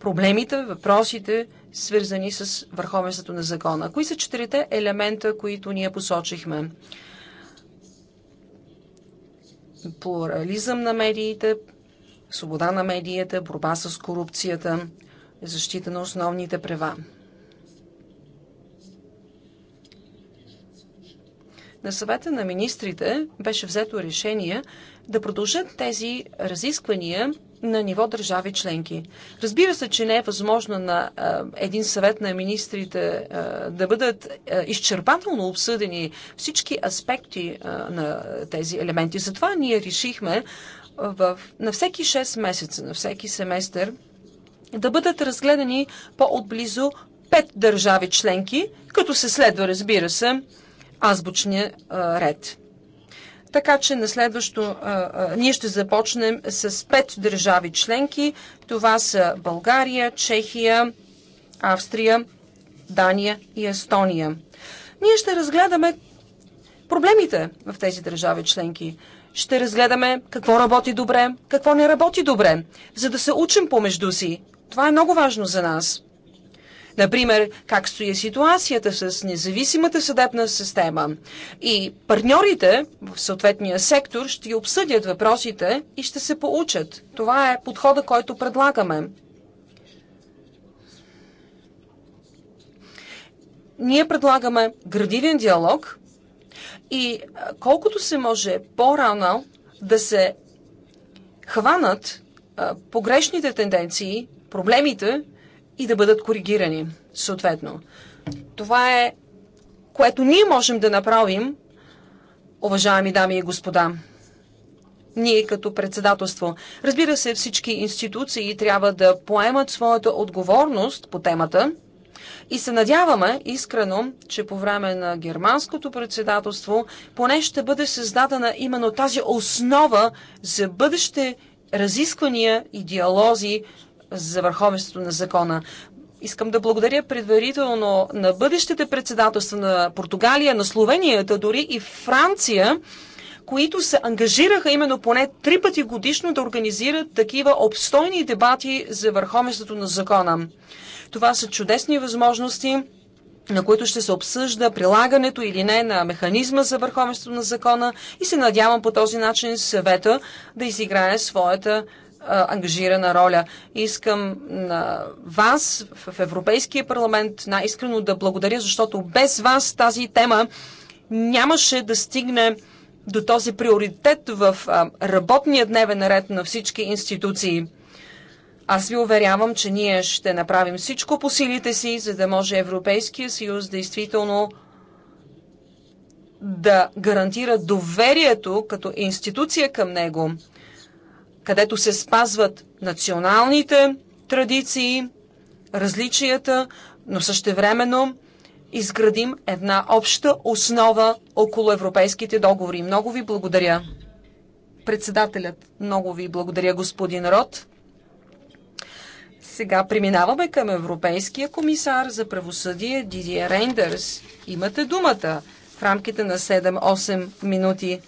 проблемите, въпросите, свързани с върховенството на закона. Кои са четирите елемента, които ние посочихме? плурализъм на медиите, свобода на медиите, борба с корупцията, защита на основните права. На съвета на министрите беше взето решение да продължат тези разисквания на ниво държави членки. Разбира се, че не е възможно на един съвет на министрите да бъдат изчерпателно обсъдени всички аспекти на тези елементи. Затова ние решихме в, на всеки 6 месеца, на всеки семестър, да бъдат разгледани по-отблизо 5 държави членки, като се следва, разбира се, азбучния ред. Така че на следващо ние ще започнем с пет държави членки. Това са България, Чехия, Австрия, Дания и Естония. Ние ще разгледаме проблемите в тези държави членки. Ще разгледаме какво работи добре, какво не работи добре, за да се учим помежду си. Това е много важно за нас. Например, как стои ситуацията с независимата съдебна система. И партньорите в съответния сектор ще обсъдят въпросите и ще се получат. Това е подхода, който предлагаме. Ние предлагаме градивен диалог и колкото се може по-рано да се хванат погрешните тенденции, проблемите, и да бъдат коригирани съответно. Това е което ние можем да направим, уважаеми дами и господа. Ние като председателство. Разбира се, всички институции трябва да поемат своята отговорност по темата и се надяваме искрено, че по време на германското председателство поне ще бъде създадена именно тази основа за бъдеще разисквания и диалози за върховенството на закона. Искам да благодаря предварително на бъдещите председателства на Португалия, на Словенията, дори и Франция, които се ангажираха именно поне три пъти годишно да организират такива обстойни дебати за върховенството на закона. Това са чудесни възможности на които ще се обсъжда прилагането или не на механизма за върховенство на закона и се надявам по този начин съвета да изиграе своята ангажирана роля. Искам на вас в Европейския парламент най-искрено да благодаря, защото без вас тази тема нямаше да стигне до този приоритет в работния дневен ред на всички институции. Аз ви уверявам, че ние ще направим всичко по силите си, за да може Европейския съюз действително да гарантира доверието като институция към него – където се спазват националните традиции, различията, но същевременно изградим една обща основа около европейските договори. Много ви благодаря. Председателят, много ви благодаря, господин Рот. Сега преминаваме към Европейския комисар за правосъдие Дидия Рейндърс. Имате думата в рамките на 7-8 минути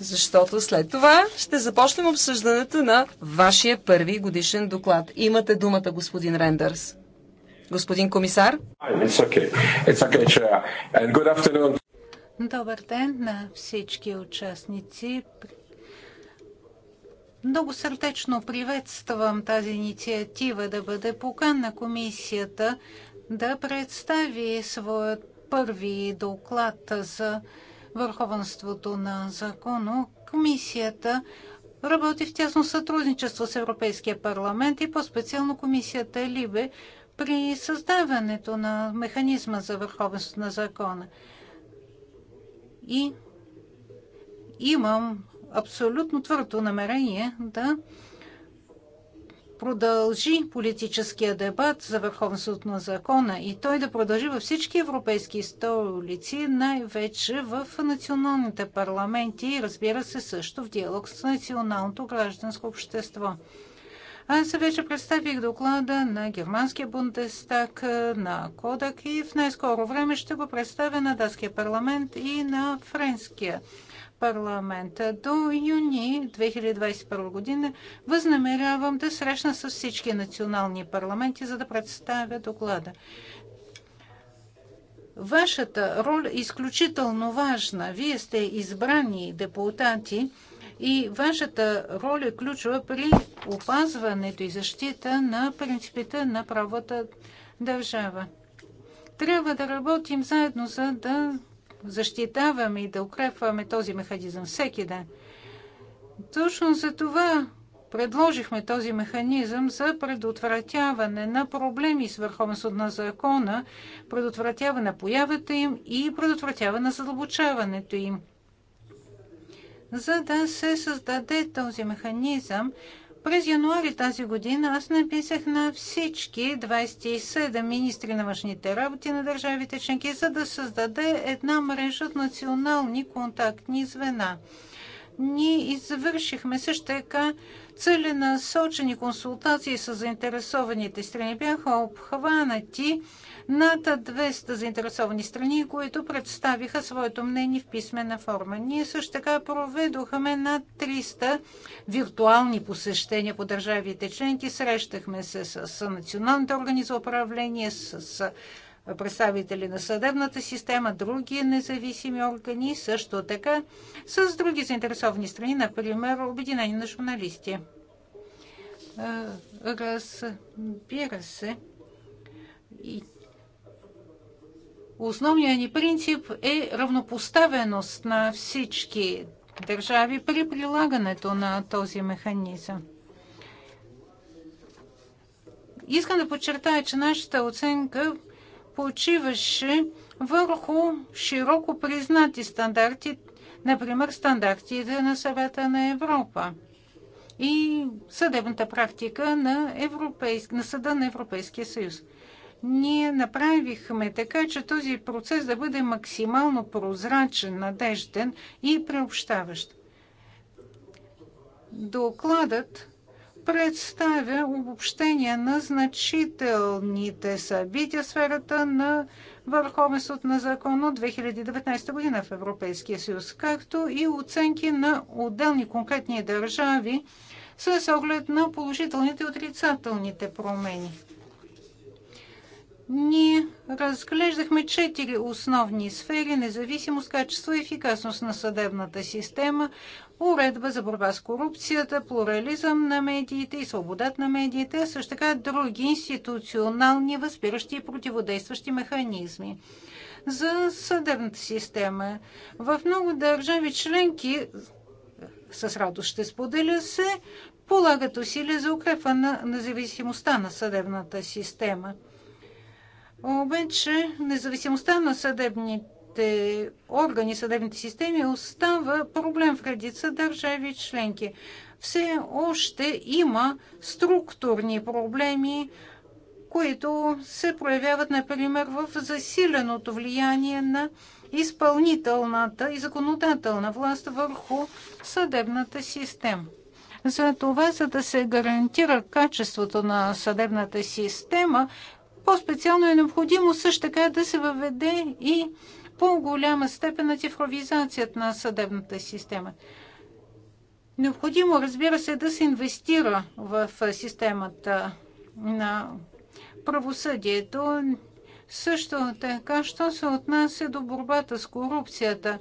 защото след това ще започнем обсъждането на вашия първи годишен доклад. Имате думата, господин Рендърс. Господин комисар? It's okay. It's okay, chair. And good afternoon. Добър ден на всички участници. Много сърдечно приветствам тази инициатива да бъде покан на комисията да представи своят първи доклад за върховенството на закона, комисията работи в тясно сътрудничество с Европейския парламент и по-специално комисията Либе при създаването на механизма за върховенство на закона. И имам абсолютно твърдо намерение да продължи политическия дебат за върховенството на закона и той да продължи във всички европейски столици, най-вече в националните парламенти и разбира се също в диалог с националното гражданско общество. Аз вече представих доклада на германския Бундестаг, на Кодак и в най-скоро време ще го представя на датския парламент и на френския парламент парламента. До юни 2021 година възнамерявам да срещна с всички национални парламенти, за да представя доклада. Вашата роля е изключително важна. Вие сте избрани депутати и вашата роля е ключова при опазването и защита на принципите на правата държава. Трябва да работим заедно, за да защитаваме и да укрепваме този механизъм всеки ден. Точно за това предложихме този механизъм за предотвратяване на проблеми с върховност на закона, предотвратяване на появата им и предотвратяване на задълбочаването им. За да се създаде този механизъм, през януари тази година аз написах на всички 27 министри на външните работи на държавите членки, за да създаде една мрежа от национални контактни звена. Ние извършихме също така целенасочени консултации с заинтересованите страни. Бяха обхванати над 200 заинтересовани страни, които представиха своето мнение в писмена форма. Ние също така проведохме над 300 виртуални посещения по държавите членки. Срещахме се с националните органи за управление, с представители на съдебната система, други независими органи, също така с други заинтересовани страни, например Обединени на журналисти. Разбира се, и Основният ни принцип е равнопоставеност на всички държави при прилагането на този механизъм. Искам да подчертая, че нашата оценка почиваше върху широко признати стандарти, например стандартите на съвета на Европа и съдебната практика на, на Съда на Европейския съюз. Ние направихме така, че този процес да бъде максимално прозрачен, надежден и преобщаващ. Докладът представя обобщение на значителните събития в сферата на върховенството на закон от 2019 година в Европейския съюз, както и оценки на отделни конкретни държави с оглед на положителните и отрицателните промени. Ние разглеждахме четири основни сфери – независимост, качество и ефикасност на съдебната система, уредба за борба с корупцията, плурализъм на медиите и свободат на медиите, а също така други институционални възпиращи и противодействащи механизми за съдебната система. В много държави членки, с радост ще споделя се, полагат усилия за укрепване на независимостта на съдебната система – обаче независимостта на съдебните органи, съдебните системи остава проблем в редица държави членки. Все още има структурни проблеми, които се проявяват, например, в засиленото влияние на изпълнителната и законодателна власт върху съдебната система. За това, за да се гарантира качеството на съдебната система, по-специално е необходимо също така да се въведе и по-голяма степен на цифровизацията на съдебната система. Необходимо, разбира се, да се инвестира в системата на правосъдието. Също така, що се отнася до борбата с корупцията.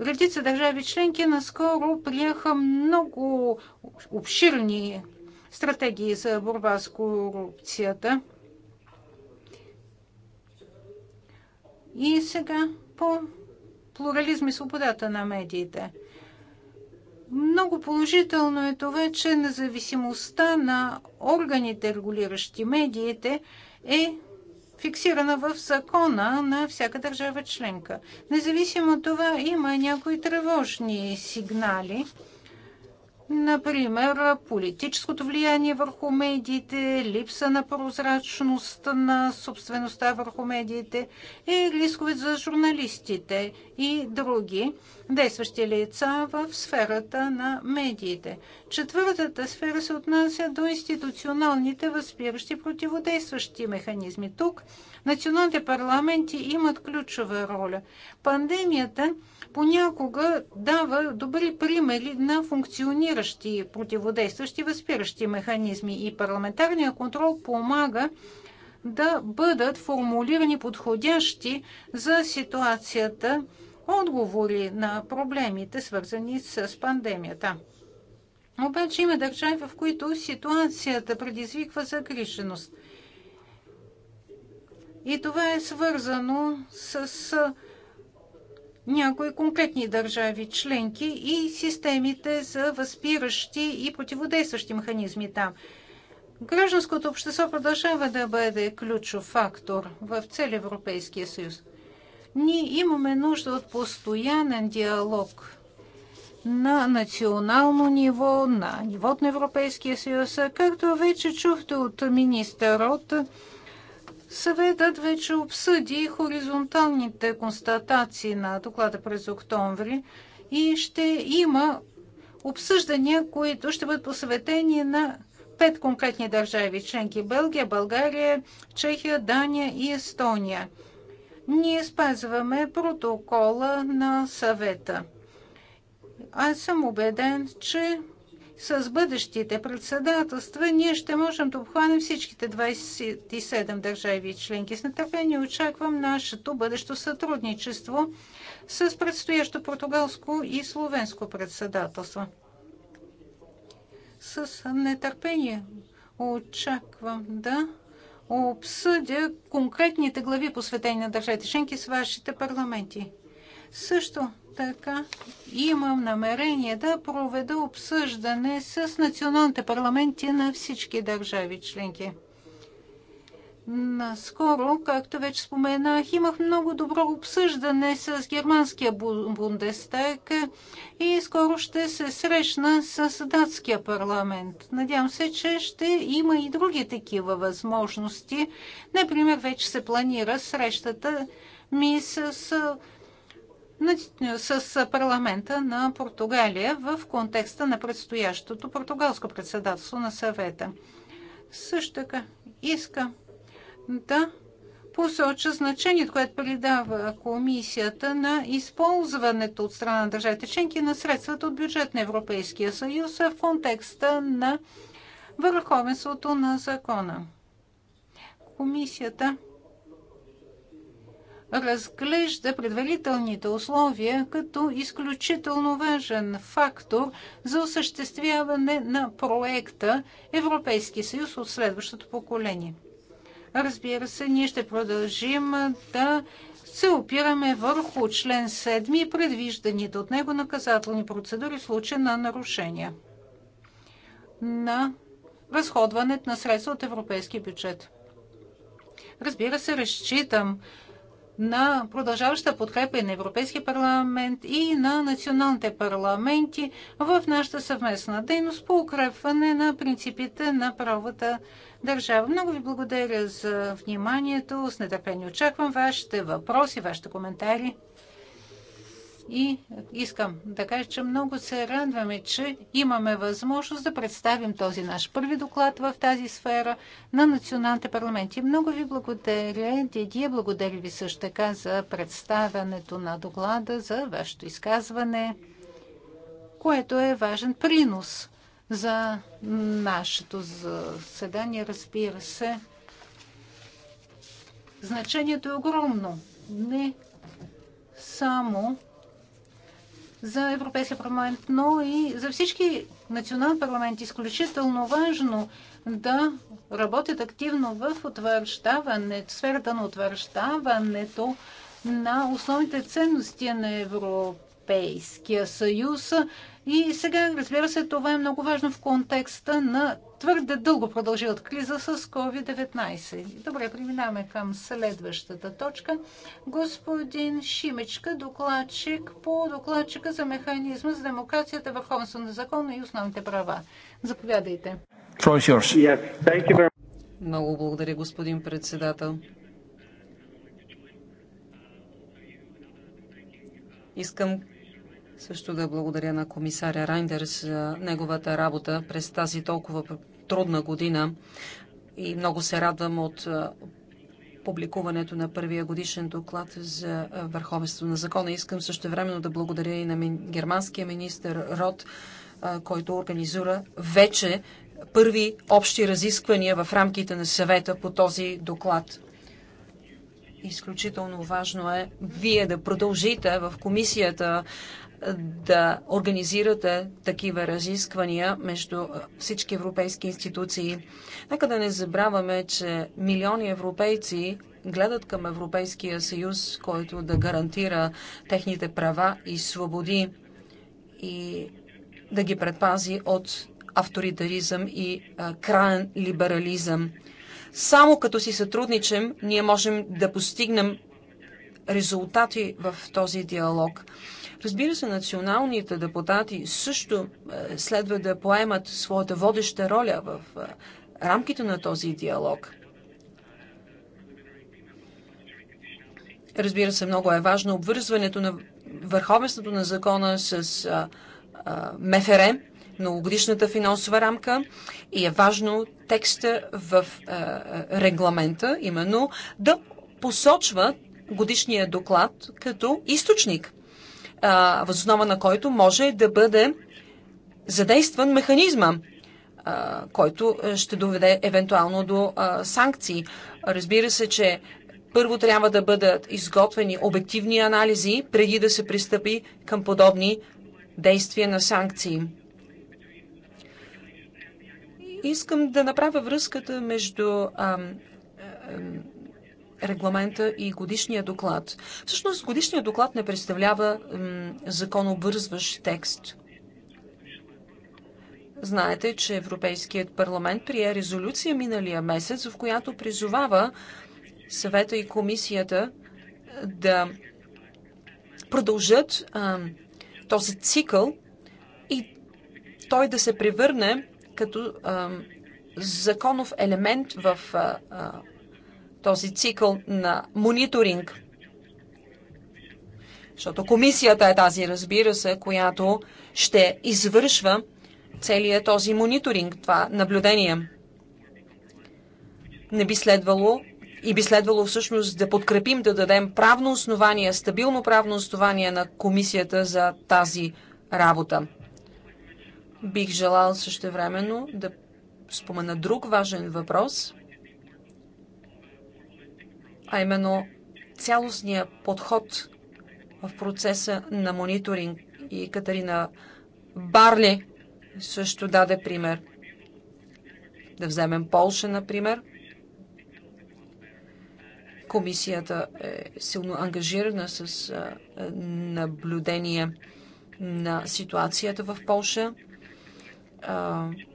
Редица държави членки наскоро приеха много обширни стратегии за борба с корупцията. И сега по плурализм и свободата на медиите. Много положително е това, че независимостта на органите, регулиращи медиите, е фиксирана в закона на всяка държава членка. Независимо от това, има някои тревожни сигнали – Например, политическото влияние върху медиите, липса на прозрачност на собствеността върху медиите и рискове за журналистите и други действащи лица в сферата на медиите. Четвъртата сфера се отнася до институционалните възпиращи противодействащи механизми. Тук националните парламенти имат ключова роля. Пандемията – понякога дава добри примери на функциониращи, противодействащи, възпиращи механизми и парламентарния контрол помага да бъдат формулирани подходящи за ситуацията отговори на проблемите, свързани с пандемията. Обаче има държави, в които ситуацията предизвиква загриженост. И това е свързано с някои конкретни държави членки и системите за възпиращи и противодействащи механизми там. Гражданското общество продължава да бъде ключов фактор в цели Европейския съюз. Ние имаме нужда от постоянен диалог на национално ниво, на нивото на Европейския съюз, както вече чухте от министър от Съветът вече обсъди хоризонталните констатации на доклада през октомври и ще има обсъждания, които ще бъдат посветени на пет конкретни държави членки Белгия, България, Чехия, Дания и Естония. Ние спазваме протокола на съвета. Аз съм убеден, че с бъдещите председателства ние ще можем да обхванем всичките 27 държави и членки. С нетърпение очаквам нашето бъдещо сътрудничество с предстоящо португалско и словенско председателство. С нетърпение очаквам да обсъдя конкретните глави посветени на държавите членки с вашите парламенти. Също така имам намерение да проведа обсъждане с националните парламенти на всички държави членки. Наскоро, както вече споменах, имах много добро обсъждане с германския Бундестаг и скоро ще се срещна с датския парламент. Надявам се, че ще има и други такива възможности. Например, вече се планира срещата ми с с парламента на Португалия в контекста на предстоящото португалско председателство на съвета. Също така иска да посоча значението, което придава комисията на използването от страна на държавите членки на средствата от бюджет на Европейския съюз в контекста на върховенството на закона. Комисията разглежда предварителните условия като изключително важен фактор за осъществяване на проекта Европейски съюз от следващото поколение. Разбира се, ние ще продължим да се опираме върху член 7 и предвижданите от него наказателни процедури в случай на нарушения на разходването на средства от европейски бюджет. Разбира се, разчитам на продължаваща подкрепа и на Европейския парламент и на националните парламенти в нашата съвместна дейност по укрепване на принципите на правата държава. Много ви благодаря за вниманието. С нетърпение очаквам вашите въпроси, вашите коментари. И искам да кажа, че много се радваме, че имаме възможност да представим този наш първи доклад в тази сфера на националните парламенти. Много ви благодаря, Дидия. благодаря ви също така за представянето на доклада, за вашето изказване, което е важен принос за нашето заседание, разбира се. Значението е огромно. Не само за Европейския парламент, но и за всички национални парламенти. Изключително важно да работят активно в в сферата на утвърждаването на основните ценности на Европейския съюз. И сега, разбира се, това е много важно в контекста на твърде дълго продължи от криза с COVID-19. Добре, преминаваме към следващата точка. Господин Шимичка, докладчик по докладчика за механизма за демокрацията, върховенство на закона и основните права. Заповядайте. Много благодаря, господин председател. Искам също да благодаря на комисаря Райндерс за неговата работа през тази толкова трудна година. И много се радвам от публикуването на първия годишен доклад за върховенство на закона. Искам също времено да благодаря и на германския министр Рот, който организира вече първи общи разисквания в рамките на съвета по този доклад. Изключително важно е вие да продължите в комисията да организирате такива разисквания между всички европейски институции. Нека да не забравяме, че милиони европейци гледат към Европейския съюз, който да гарантира техните права и свободи и да ги предпази от авторитаризъм и крайен либерализъм. Само като си сътрудничим, ние можем да постигнем резултати в този диалог. Разбира се, националните депутати също е, следва да поемат своята водеща роля в е, рамките на този диалог. Разбира се, много е важно обвързването на върховенството на закона с е, МФР, многогодишната финансова рамка и е важно текста в регламента именно да посочва годишния доклад като източник възоснова на който може да бъде задействан механизма, който ще доведе евентуално до санкции. Разбира се, че първо трябва да бъдат изготвени обективни анализи, преди да се пристъпи към подобни действия на санкции. Искам да направя връзката между регламента и годишния доклад. Всъщност годишният доклад не представлява законобързващ текст. Знаете, че Европейският парламент прие резолюция миналия месец, в която призовава съвета и комисията да продължат а, този цикъл и той да се превърне като а, законов елемент в а, а, този цикъл на мониторинг. Защото комисията е тази, разбира се, която ще извършва целият този мониторинг, това наблюдение. Не би следвало и би следвало всъщност да подкрепим, да дадем правно основание, стабилно правно основание на комисията за тази работа. Бих желал също времено да спомена друг важен въпрос, а именно цялостния подход в процеса на мониторинг. И Катарина Барли също даде пример. Да вземем Полша, например. Комисията е силно ангажирана с наблюдение на ситуацията в Полша.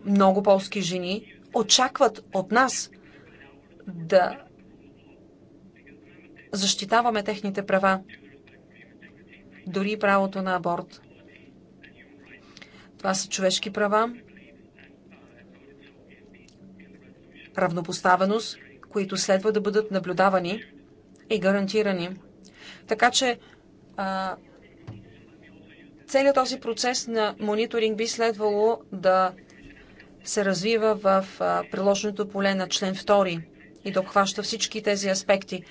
Много полски жени очакват от нас да защитаваме техните права, дори правото на аборт. Това са човешки права, равнопоставеност, които следва да бъдат наблюдавани и гарантирани. Така че а, целият този процес на мониторинг би следвало да се развива в а, приложеното поле на член 2 и да обхваща всички тези аспекти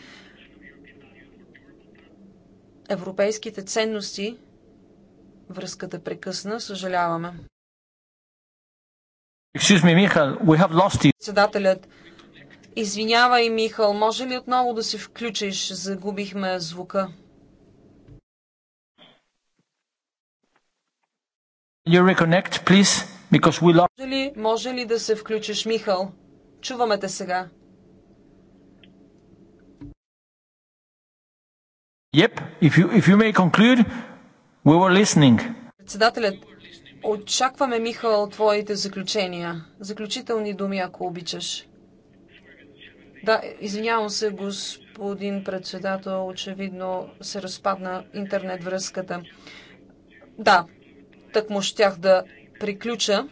европейските ценности. Връзката прекъсна, съжаляваме. Excuse me, Michael, we have lost you. Председателят, извинявай, Михал, може ли отново да се включиш? Загубихме звука. You reconnect, please, because we lost... Може ли, може ли да се включиш, Михал? Чуваме те сега. Yep, if you, if you may conclude, we were listening. Председателят, очакваме, Михал, твоите заключения. Заключителни думи, ако обичаш. Да, извинявам се, господин председател, очевидно се разпадна интернет връзката. Да, так му щях да приключа.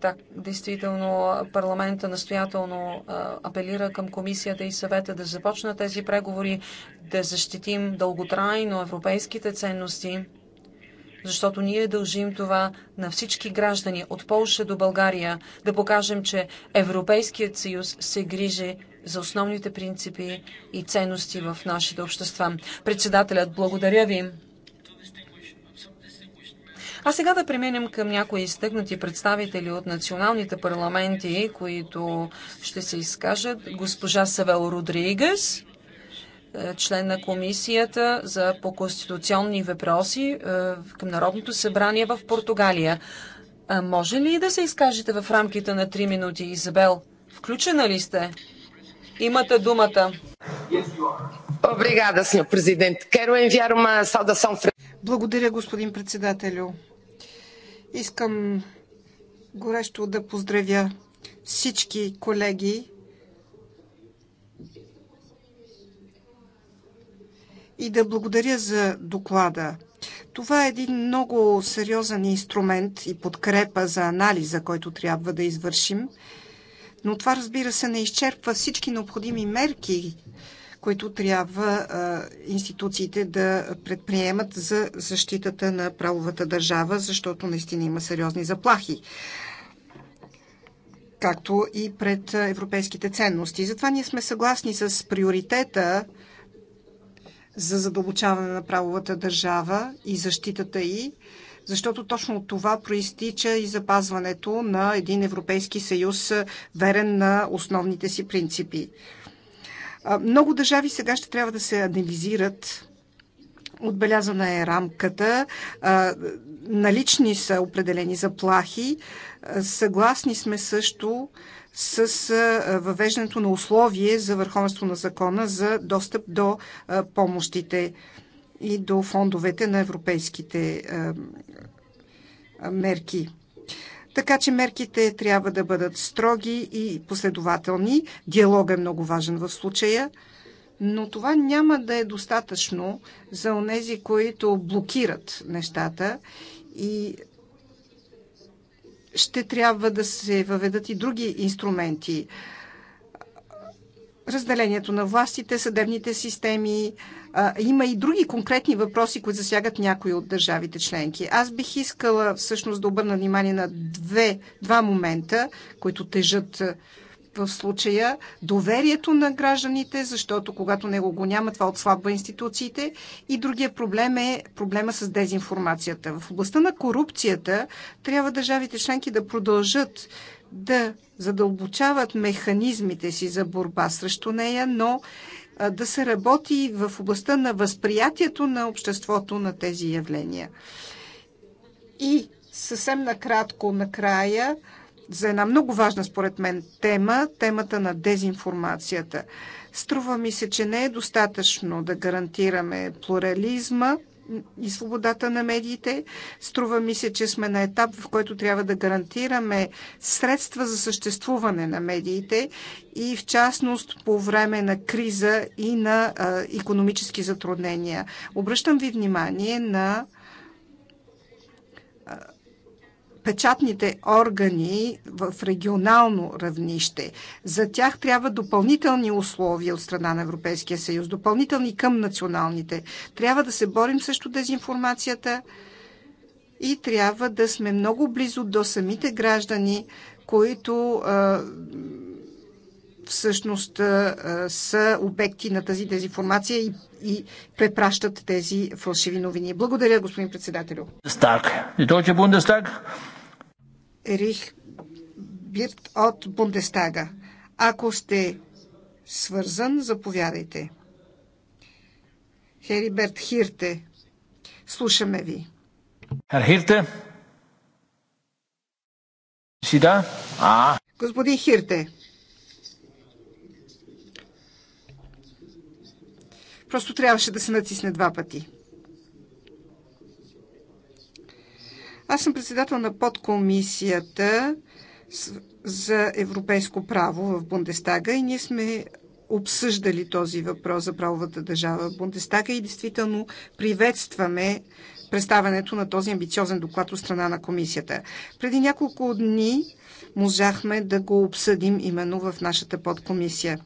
Так, действително парламента настоятелно апелира към комисията и съвета да започнат тези преговори, да защитим дълготрайно европейските ценности, защото ние дължим това на всички граждани от Полша до България, да покажем, че Европейският съюз се грижи за основните принципи и ценности в нашите общества. Председателят, благодаря ви. А сега да преминем към някои изтъкнати представители от националните парламенти, които ще се изкажат. Госпожа Савел Родригес, е, член на Комисията за по конституционни въпроси е, към Народното събрание в Португалия. Може ли да се изкажете в рамките на 3 минути, Изабел? Включена ли сте? Имате думата. Благодаря, господин председателю. Искам горещо да поздравя всички колеги и да благодаря за доклада. Това е един много сериозен инструмент и подкрепа за анализа, който трябва да извършим. Но това, разбира се, не изчерпва всички необходими мерки, които трябва институциите да предприемат за защитата на правовата държава, защото наистина има сериозни заплахи както и пред европейските ценности. Затова ние сме съгласни с приоритета за задълбочаване на правовата държава и защитата й, защото точно от това проистича и запазването на един Европейски съюз верен на основните си принципи. Много държави сега ще трябва да се анализират Отбелязана е рамката. Налични са определени заплахи. Съгласни сме също с въвеждането на условие за върховенство на закона за достъп до помощите и до фондовете на европейските мерки. Така че мерките трябва да бъдат строги и последователни. Диалог е много важен в случая. Но това няма да е достатъчно за онези, които блокират нещата и ще трябва да се въведат и други инструменти разделението на властите, съдебните системи. А, има и други конкретни въпроси, които засягат някои от държавите членки. Аз бих искала всъщност да обърна внимание на две, два момента, които тежат в случая доверието на гражданите, защото когато него го няма, това отслабва институциите. И другия проблем е проблема с дезинформацията. В областта на корупцията трябва държавите членки да продължат да задълбочават механизмите си за борба срещу нея, но да се работи в областта на възприятието на обществото на тези явления. И съвсем накратко, накрая, за една много важна според мен тема, темата на дезинформацията. Струва ми се, че не е достатъчно да гарантираме плурализма, и свободата на медиите. Струва ми се, че сме на етап, в който трябва да гарантираме средства за съществуване на медиите и в частност по време на криза и на а, економически затруднения. Обръщам ви внимание на печатните органи в регионално равнище. За тях трябва допълнителни условия от страна на Европейския съюз, допълнителни към националните. Трябва да се борим също дезинформацията и трябва да сме много близо до самите граждани, които всъщност са обекти на тази дезинформация и, и препращат тези фалшиви новини. Благодаря, господин председателю. Старк. И Рих Бирт от Бундестага. Ако сте свързан, заповядайте. Хериберт Хирте, слушаме ви. Хер Хирте? Си да? А. Господин Хирте. Просто трябваше да се натисне два пъти. Аз съм председател на подкомисията за европейско право в Бундестага и ние сме обсъждали този въпрос за правовата държава в Бундестага и действително приветстваме представянето на този амбициозен доклад от страна на комисията. Преди няколко дни можахме да го обсъдим именно в нашата подкомисия.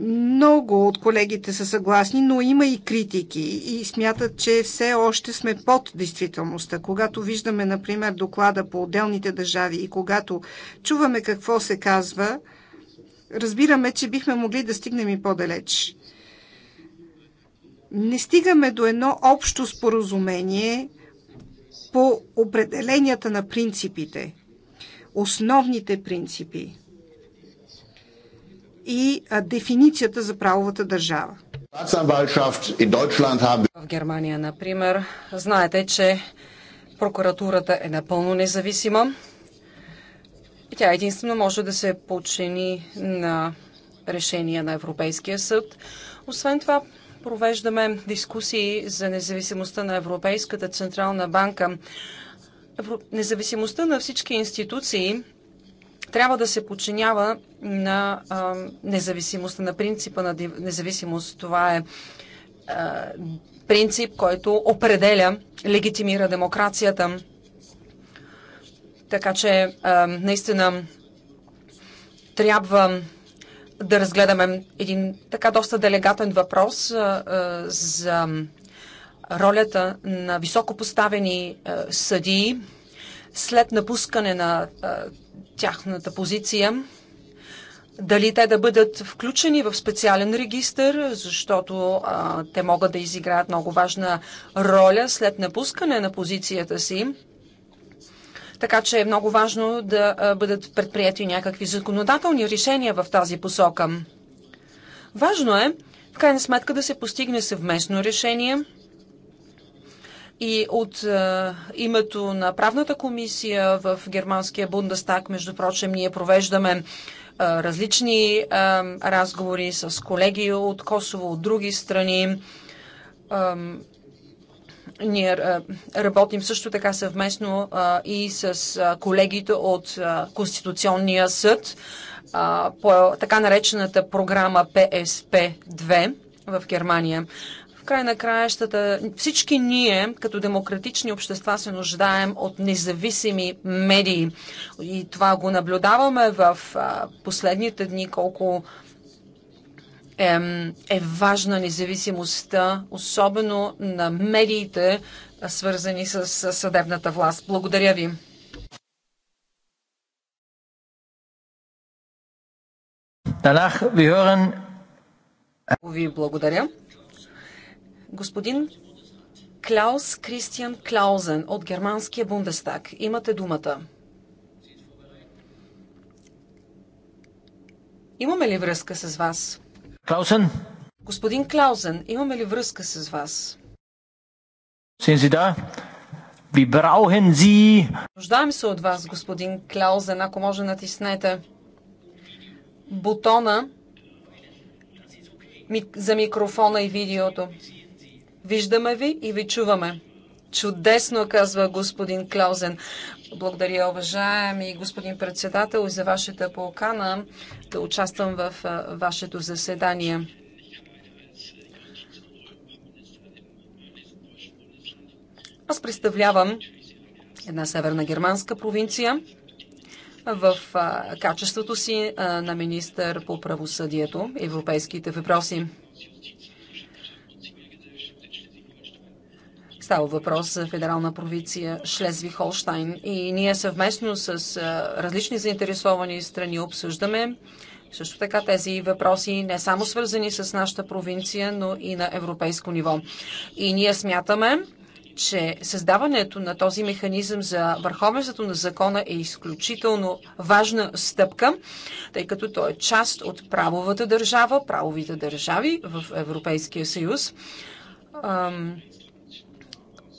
Много от колегите са съгласни, но има и критики и смятат, че все още сме под действителността. Когато виждаме, например, доклада по отделните държави и когато чуваме какво се казва, разбираме, че бихме могли да стигнем и по-далеч. Не стигаме до едно общо споразумение по определенията на принципите, основните принципи и дефиницията за правовата държава. В Германия, например, знаете, че прокуратурата е напълно независима и тя единствено може да се подчини на решения на Европейския съд. Освен това, провеждаме дискусии за независимостта на Европейската Централна банка. Независимостта на всички институции трябва да се подчинява на а, независимостта, на принципа на независимост. Това е а, принцип, който определя, легитимира демокрацията. Така че а, наистина трябва да разгледаме един така доста делегатен въпрос а, а, за ролята на високопоставени съдии, след напускане на тяхната позиция, дали те да бъдат включени в специален регистр, защото а, те могат да изиграят много важна роля след напускане на позицията си. Така че е много важно да бъдат предприяти някакви законодателни решения в тази посока. Важно е, в крайна сметка, да се постигне съвместно решение и от а, е, името на правната комисия в германския Бундестаг, между прочим, ние провеждаме а, е, различни а, е, разговори с колеги от Косово, от други страни. Ние работим също така съвместно и с колегите от Конституционния съд по така наречената програма ПСП-2 в Германия край на краищата всички ние, като демократични общества, се нуждаем от независими медии. И това го наблюдаваме в последните дни, колко е, е важна независимостта, особено на медиите, свързани с съдебната власт. Благодаря ви. Ви благодаря. Господин Клаус Кристиан Клаузен от Германския Бундестаг. Имате думата. Имаме ли връзка с вас? Клаузен. Господин Клаузен, имаме ли връзка с вас? Sind Sie da? Wir brauchen Sie. Нуждаем се от вас, господин Клаузен, ако може натиснете бутона за микрофона и видеото. Виждаме ви и ви чуваме. Чудесно, казва господин Клаузен. Благодаря, уважаеми господин председател, за вашата покана да участвам в вашето заседание. Аз представлявам една северна германска провинция в качеството си на министър по правосъдието, европейските въпроси. Става въпрос за федерална провинция Шлезви-Холштайн и ние съвместно с различни заинтересовани страни обсъждаме също така тези въпроси не само свързани с нашата провинция, но и на европейско ниво. И ние смятаме, че създаването на този механизъм за върховенството на закона е изключително важна стъпка, тъй като той е част от правовата държава, правовите държави в Европейския съюз.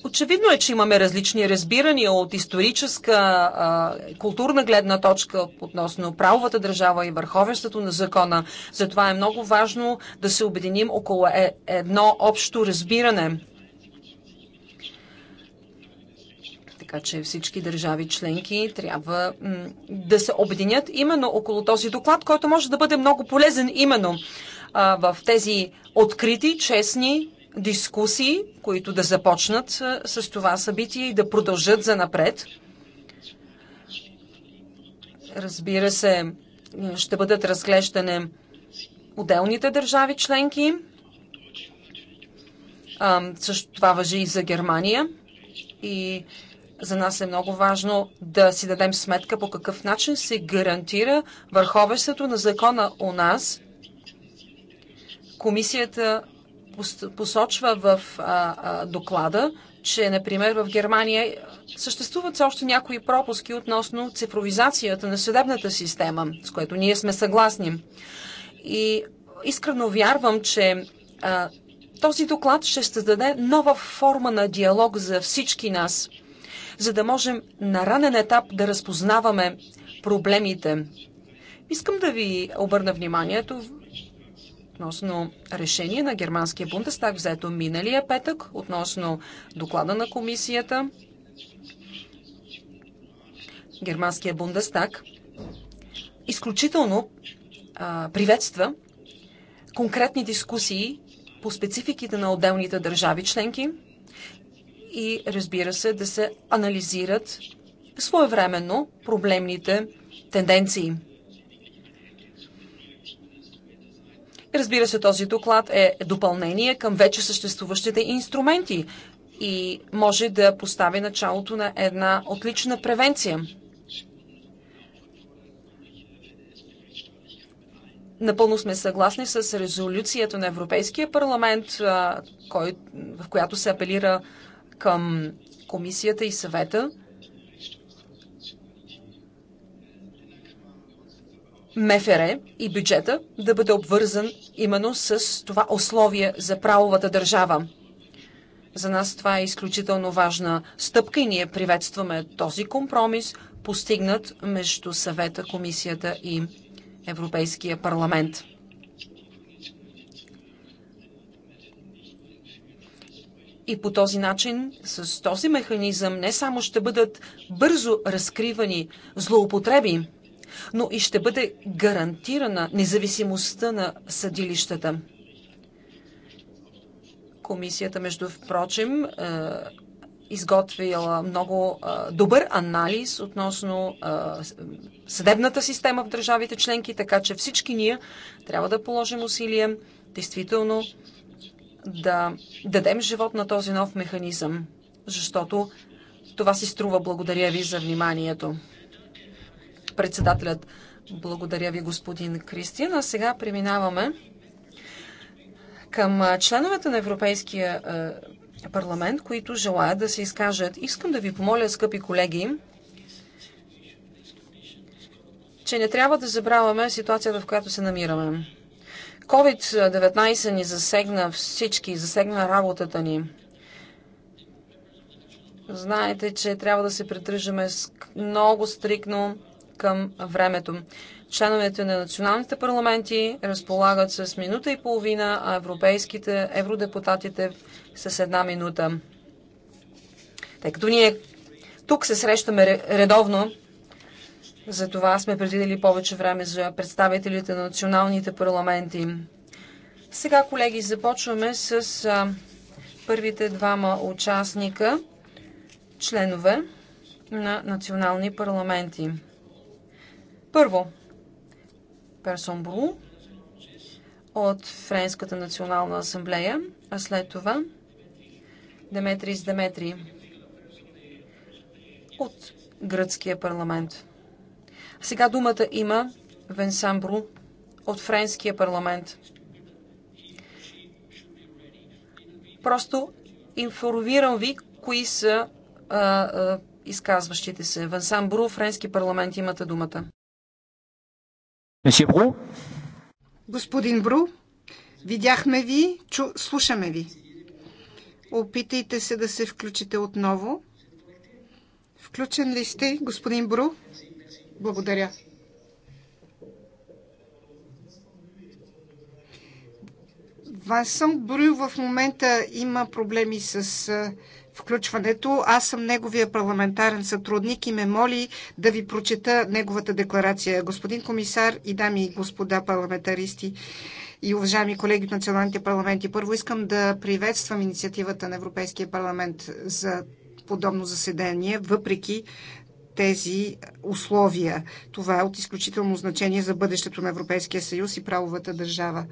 Очевидно е, че имаме различни разбирания от историческа, културна гледна точка относно правовата държава и върховенството на закона. Затова е много важно да се обединим около е, едно общо разбиране. Така че всички държави членки трябва да се обединят именно около този доклад, който може да бъде много полезен именно в тези открити, честни дискусии, които да започнат с това събитие и да продължат за напред. Разбира се, ще бъдат разглеждане отделните държави членки. също това въжи и за Германия. И за нас е много важно да си дадем сметка по какъв начин се гарантира върховещето на закона у нас. Комисията посочва в а, а, доклада, че, например, в Германия съществуват още някои пропуски относно цифровизацията на съдебната система, с което ние сме съгласни. И искрено вярвам, че а, този доклад ще създаде нова форма на диалог за всички нас, за да можем на ранен етап да разпознаваме проблемите. Искам да ви обърна вниманието относно решение на германския Бундестаг, взето миналия петък, относно доклада на комисията. Германския Бундестаг изключително а, приветства конкретни дискусии по спецификите на отделните държави членки и разбира се да се анализират своевременно проблемните тенденции. Разбира се, този доклад е допълнение към вече съществуващите инструменти и може да постави началото на една отлична превенция. Напълно сме съгласни с резолюцията на Европейския парламент, в която се апелира към комисията и съвета – МФР и бюджета да бъде обвързан именно с това условие за правовата държава. За нас това е изключително важна стъпка и ние приветстваме този компромис, постигнат между съвета, комисията и Европейския парламент. И по този начин, с този механизъм, не само ще бъдат бързо разкривани злоупотреби, но и ще бъде гарантирана независимостта на съдилищата. Комисията, между впрочем, е, изготвила много е, добър анализ относно е, съдебната система в държавите членки, така че всички ние трябва да положим усилия действително да дадем живот на този нов механизъм, защото това си струва. Благодаря ви за вниманието. Председателят, благодаря ви, господин Кристин. А сега преминаваме към членовете на Европейския парламент, които желаят да се изкажат. Искам да ви помоля, скъпи колеги, че не трябва да забравяме ситуацията, в която се намираме. COVID-19 ни засегна всички, засегна работата ни. Знаете, че трябва да се придържаме много стрикно към времето. Членовете на националните парламенти разполагат с минута и половина, а европейските евродепутатите с една минута. Тъй като ние тук се срещаме редовно, затова сме предвидели повече време за представителите на националните парламенти. Сега, колеги, започваме с а, първите двама участника, членове на национални парламенти. Първо, Персонбру от Френската национална асамблея, а след това Деметрис Деметри от гръцкия парламент. Сега думата има Венсан Бру от Френския парламент. Просто информирам ви, кои са а, а, изказващите се. Венсан Бру, Френски парламент, имате думата. Месье Бру? Господин Бру, видяхме ви, чу, слушаме ви. Опитайте се да се включите отново. Включен ли сте, господин Бру? Благодаря. Вансън Брю в момента има проблеми с включването. Аз съм неговия парламентарен сътрудник и ме моли да ви прочета неговата декларация. Господин комисар и дами и господа парламентаристи, и уважаеми колеги от националните парламенти, първо искам да приветствам инициативата на Европейския парламент за подобно заседание, въпреки тези условия. Това е от изключително значение за бъдещето на Европейския съюз и правовата държава.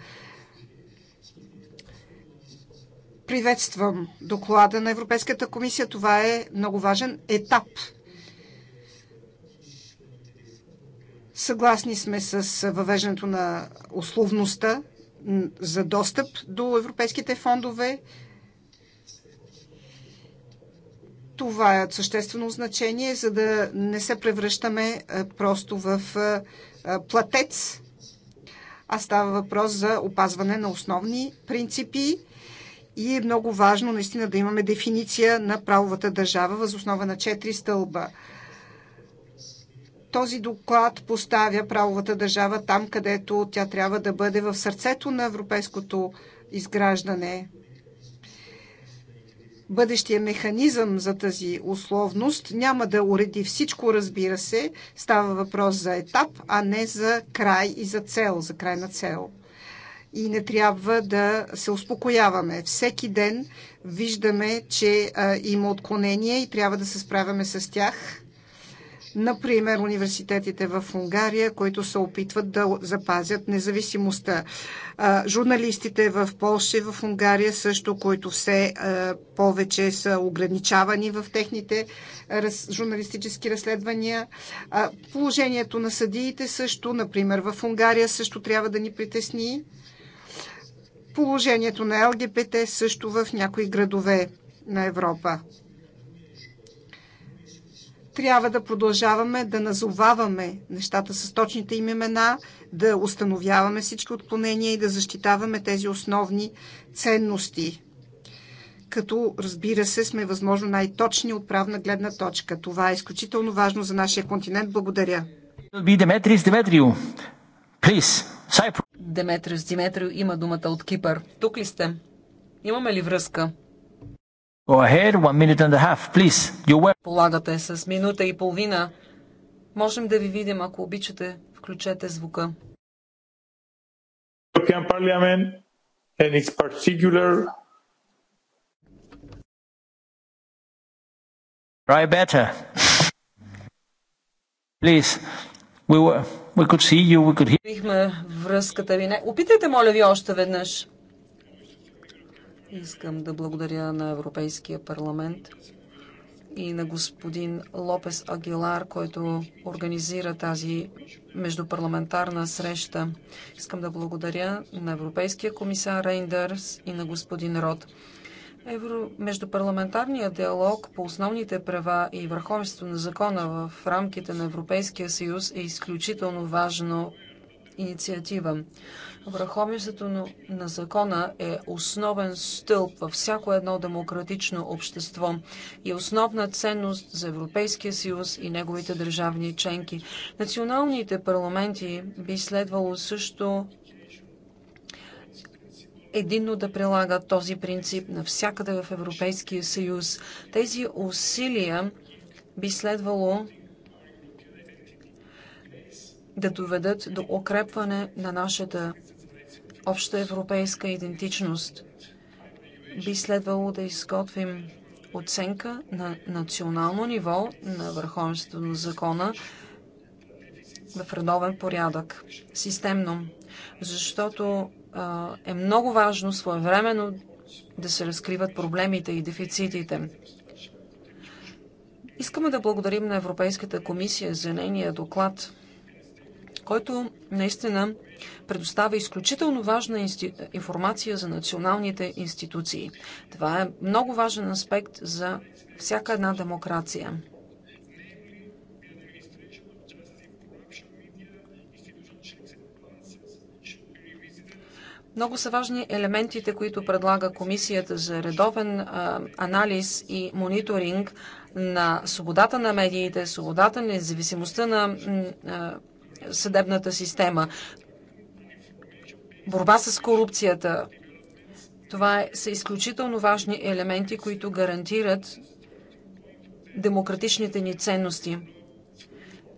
Приветствам доклада на Европейската комисия. Това е много важен етап. Съгласни сме с въвеждането на условността за достъп до европейските фондове. Това е от съществено значение, за да не се превръщаме е, просто в е, е, платец, а става въпрос за опазване на основни принципи и е много важно наистина да имаме дефиниция на правовата държава възоснова на четири стълба. Този доклад поставя правовата държава там, където тя трябва да бъде в сърцето на европейското изграждане. Бъдещия механизъм за тази условност няма да уреди всичко, разбира се. Става въпрос за етап, а не за край и за цел, за крайна цел и не трябва да се успокояваме. Всеки ден виждаме, че а, има отклонения и трябва да се справяме с тях. Например, университетите в Унгария, които се опитват да запазят независимостта. А, журналистите в Польша и в Унгария също, които все а, повече са ограничавани в техните раз, журналистически разследвания. А, положението на съдиите също, например, в Унгария също трябва да ни притесни положението на ЛГБТ е също в някои градове на Европа. Трябва да продължаваме да назоваваме нещата с точните им имена, да установяваме всички отклонения и да защитаваме тези основни ценности. Като, разбира се, сме възможно най-точни от правна гледна точка. Това е изключително важно за нашия континент. Благодаря. Димитрис Димитрио, please, Cyprus. Деметриус Диметрио има думата от Кипър. Тук ли сте? Имаме ли връзка? Go ahead, one minute and a half, please. You were... Полагате с минута и половина. Можем да ви видим, ако обичате, включете звука. European Parliament and its particular Try better. please, we were We could see you, we could hear... връзката ви. Не... Опитайте, моля ви, още веднъж. Искам да благодаря на Европейския парламент и на господин Лопес Агилар, който организира тази междупарламентарна среща. Искам да благодаря на Европейския комисар Рейндърс и на господин Род. Евро... Междупарламентарният диалог по основните права и върховенството на закона в рамките на Европейския съюз е изключително важна инициатива. Върховенството на закона е основен стълб във всяко едно демократично общество и е основна ценност за Европейския съюз и неговите държавни членки. Националните парламенти би следвало също единно да прилагат този принцип навсякъде в Европейския съюз. Тези усилия би следвало да доведат до укрепване на нашата обща европейска идентичност. Би следвало да изготвим оценка на национално ниво на върховенството на закона в редовен порядък, системно, защото е много важно своевременно да се разкриват проблемите и дефицитите. Искаме да благодарим на Европейската комисия за нейния доклад, който наистина предоставя изключително важна информация за националните институции. Това е много важен аспект за всяка една демокрация. Много са важни елементите, които предлага Комисията за редовен а, анализ и мониторинг на свободата на медиите, свободата на независимостта на а, съдебната система, борба с корупцията. Това е, са изключително важни елементи, които гарантират демократичните ни ценности.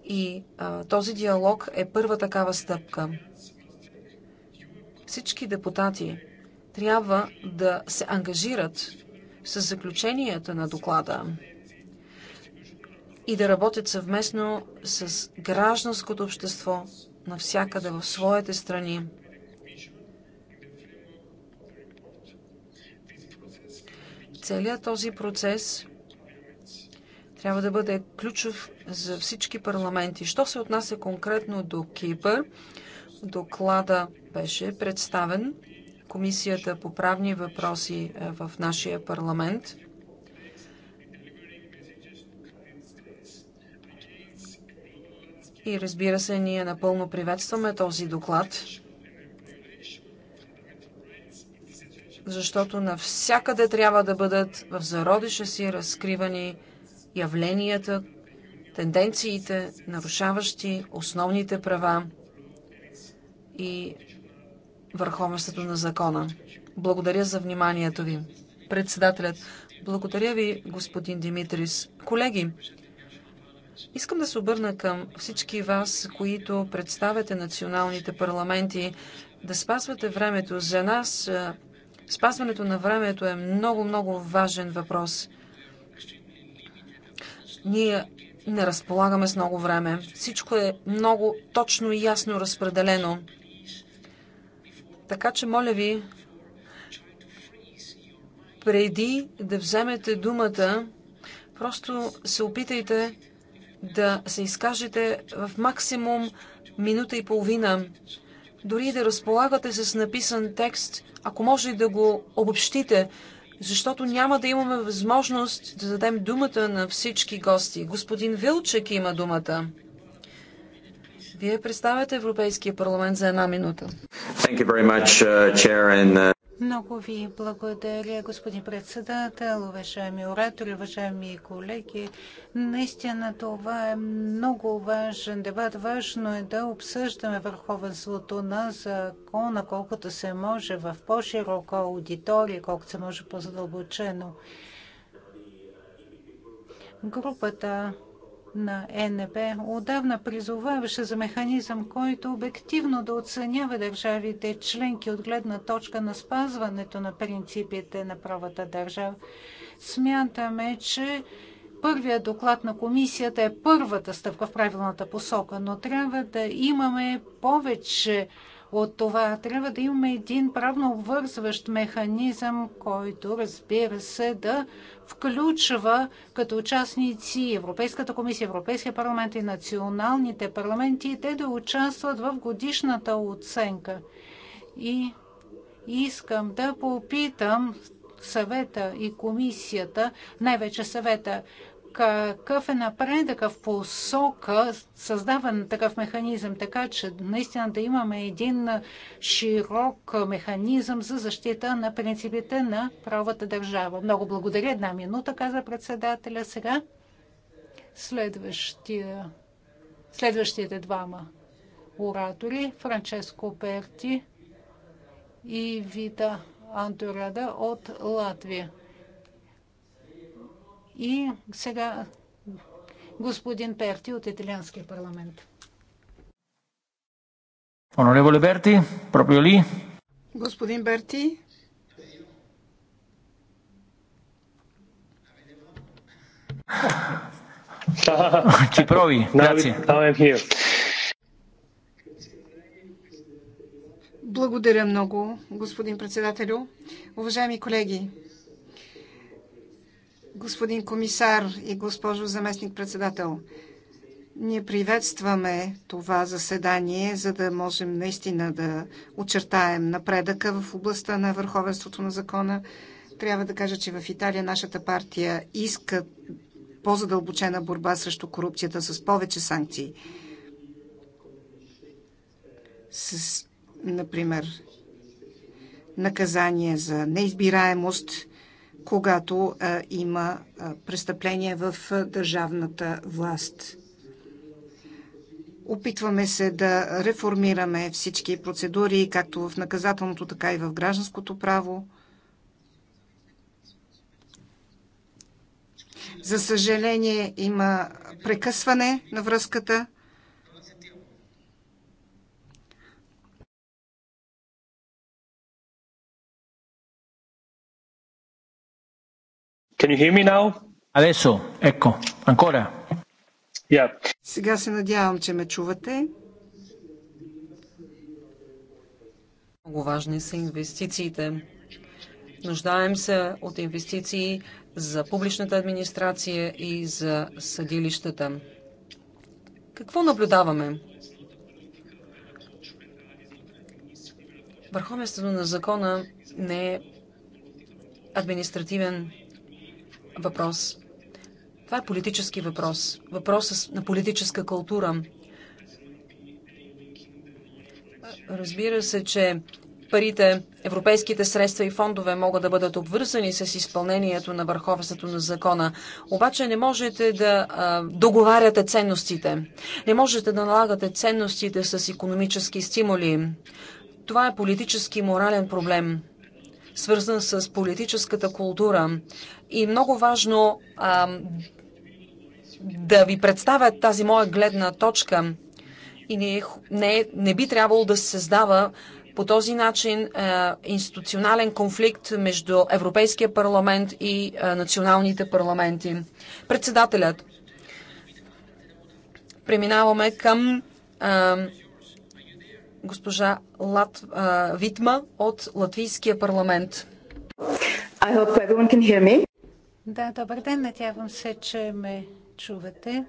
И а, този диалог е първа такава стъпка. Всички депутати трябва да се ангажират с заключенията на доклада и да работят съвместно с гражданското общество навсякъде в своите страни. Целият този процес трябва да бъде ключов за всички парламенти. Що се отнася конкретно до Кипър, Доклада беше представен Комисията по правни въпроси е, в нашия парламент. И разбира се, ние напълно приветстваме този доклад, защото навсякъде трябва да бъдат в зародиша си разкривани явленията, тенденциите, нарушаващи основните права и върховенството на закона. Благодаря за вниманието ви. Председателят, благодаря ви, господин Димитрис. Колеги, искам да се обърна към всички вас, които представяте националните парламенти, да спазвате времето. За нас е, спазването на времето е много, много важен въпрос. Ние не разполагаме с много време. Всичко е много точно и ясно разпределено. Така че, моля ви, преди да вземете думата, просто се опитайте да се изкажете в максимум минута и половина. Дори да разполагате с написан текст, ако може да го обобщите, защото няма да имаме възможност да дадем думата на всички гости. Господин Вилчек има думата. Вие представяте Европейския парламент за една минута. Thank you very much, uh, chair and, uh... Много ви благодаря, господин председател, уважаеми оратори, уважаеми колеги. Наистина това е много важен дебат. Важно е да обсъждаме върховенството на закона, колкото се може в по-широка аудитория, колкото се може по-задълбочено. Групата на ЕНБ отдавна призоваваше за механизъм, който обективно да оценява държавите членки от гледна точка на спазването на принципите на правата държава. Смятаме, че първият доклад на комисията е първата стъпка в правилната посока, но трябва да имаме повече от това. Трябва да имаме един правно обвързващ механизъм, който, разбира се, да включва като участници Европейската комисия, Европейския парламент и националните парламенти и те да участват в годишната оценка. И искам да попитам съвета и комисията, най-вече съвета, какъв е напредъка в посока създаване на такъв механизъм, така че наистина да имаме един широк механизъм за защита на принципите на правата държава. Много благодаря. Една минута, каза председателя. Сега следващия, следващите двама оратори, Франческо Перти и Вита Антурада от Латвия. И сега господин Перти от Италианския парламент. Онореволе Берти, проприо ли? Господин Берти, Ci provi, grazie. Благодаря много, господин председателю. Уважаеми колеги, Господин комисар и госпожо заместник-председател, ние приветстваме това заседание, за да можем наистина да очертаем напредъка в областта на върховенството на закона. Трябва да кажа, че в Италия нашата партия иска по-задълбочена борба срещу корупцията с повече санкции. С, например, наказание за неизбираемост – когато а, има а, престъпление в а, държавната власт. Опитваме се да реформираме всички процедури, както в наказателното, така и в гражданското право. За съжаление, има прекъсване на връзката Can you hear me now? Adesso, ecco, ancora. Yeah. Сега се надявам, че ме чувате. Много важни са инвестициите. Нуждаем се от инвестиции за публичната администрация и за съдилищата. Какво наблюдаваме? Върховенството на закона не е административен въпрос. Това е политически въпрос. Въпрос на политическа култура. Разбира се, че парите, европейските средства и фондове могат да бъдат обвързани с изпълнението на върховенството на закона. Обаче не можете да а, договаряте ценностите. Не можете да налагате ценностите с економически стимули. Това е политически и морален проблем свързан с политическата култура. И много важно а, да ви представя тази моя гледна точка. И не, не, не би трябвало да се създава по този начин а, институционален конфликт между Европейския парламент и а, националните парламенти. Председателят. Преминаваме към. А, госпожа Лат, а, Витма от Латвийския парламент. I hope everyone can hear me. Да, добър ден. Надявам се, че ме чувате.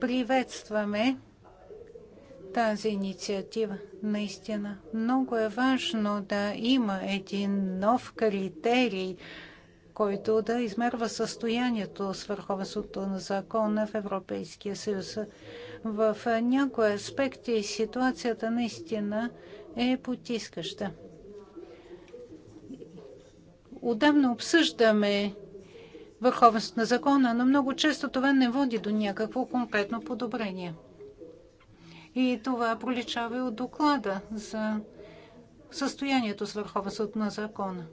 Приветстваме тази инициатива. Наистина много е важно да има един нов критерий, който да измерва състоянието с върховенството на закона в Европейския съюз. В някои аспекти ситуацията наистина е потискаща. Отдавна обсъждаме върховност на закона, но много често това не води до някакво конкретно подобрение. И това проличава и от доклада за състоянието с върховенството на закона.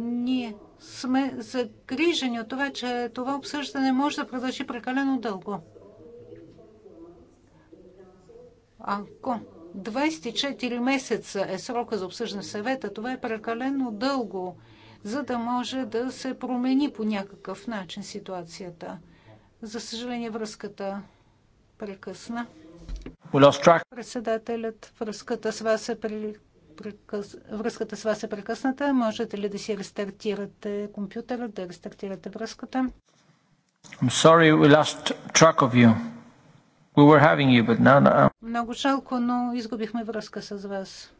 Ние сме загрижени от това, че това обсъждане може да продължи прекалено дълго. Ако 24 месеца е срока за обсъждане в съвета, това е прекалено дълго, за да може да се промени по някакъв начин ситуацията. За съжаление, връзката прекъсна. Председателят, връзката с вас е прекъс... връзката с вас е прекъсната. Можете ли да си рестартирате компютъра, да рестартирате връзката? I'm sorry we lost track of you. We were having you, but now, now. Много жалко, но изгубихме връзка с вас.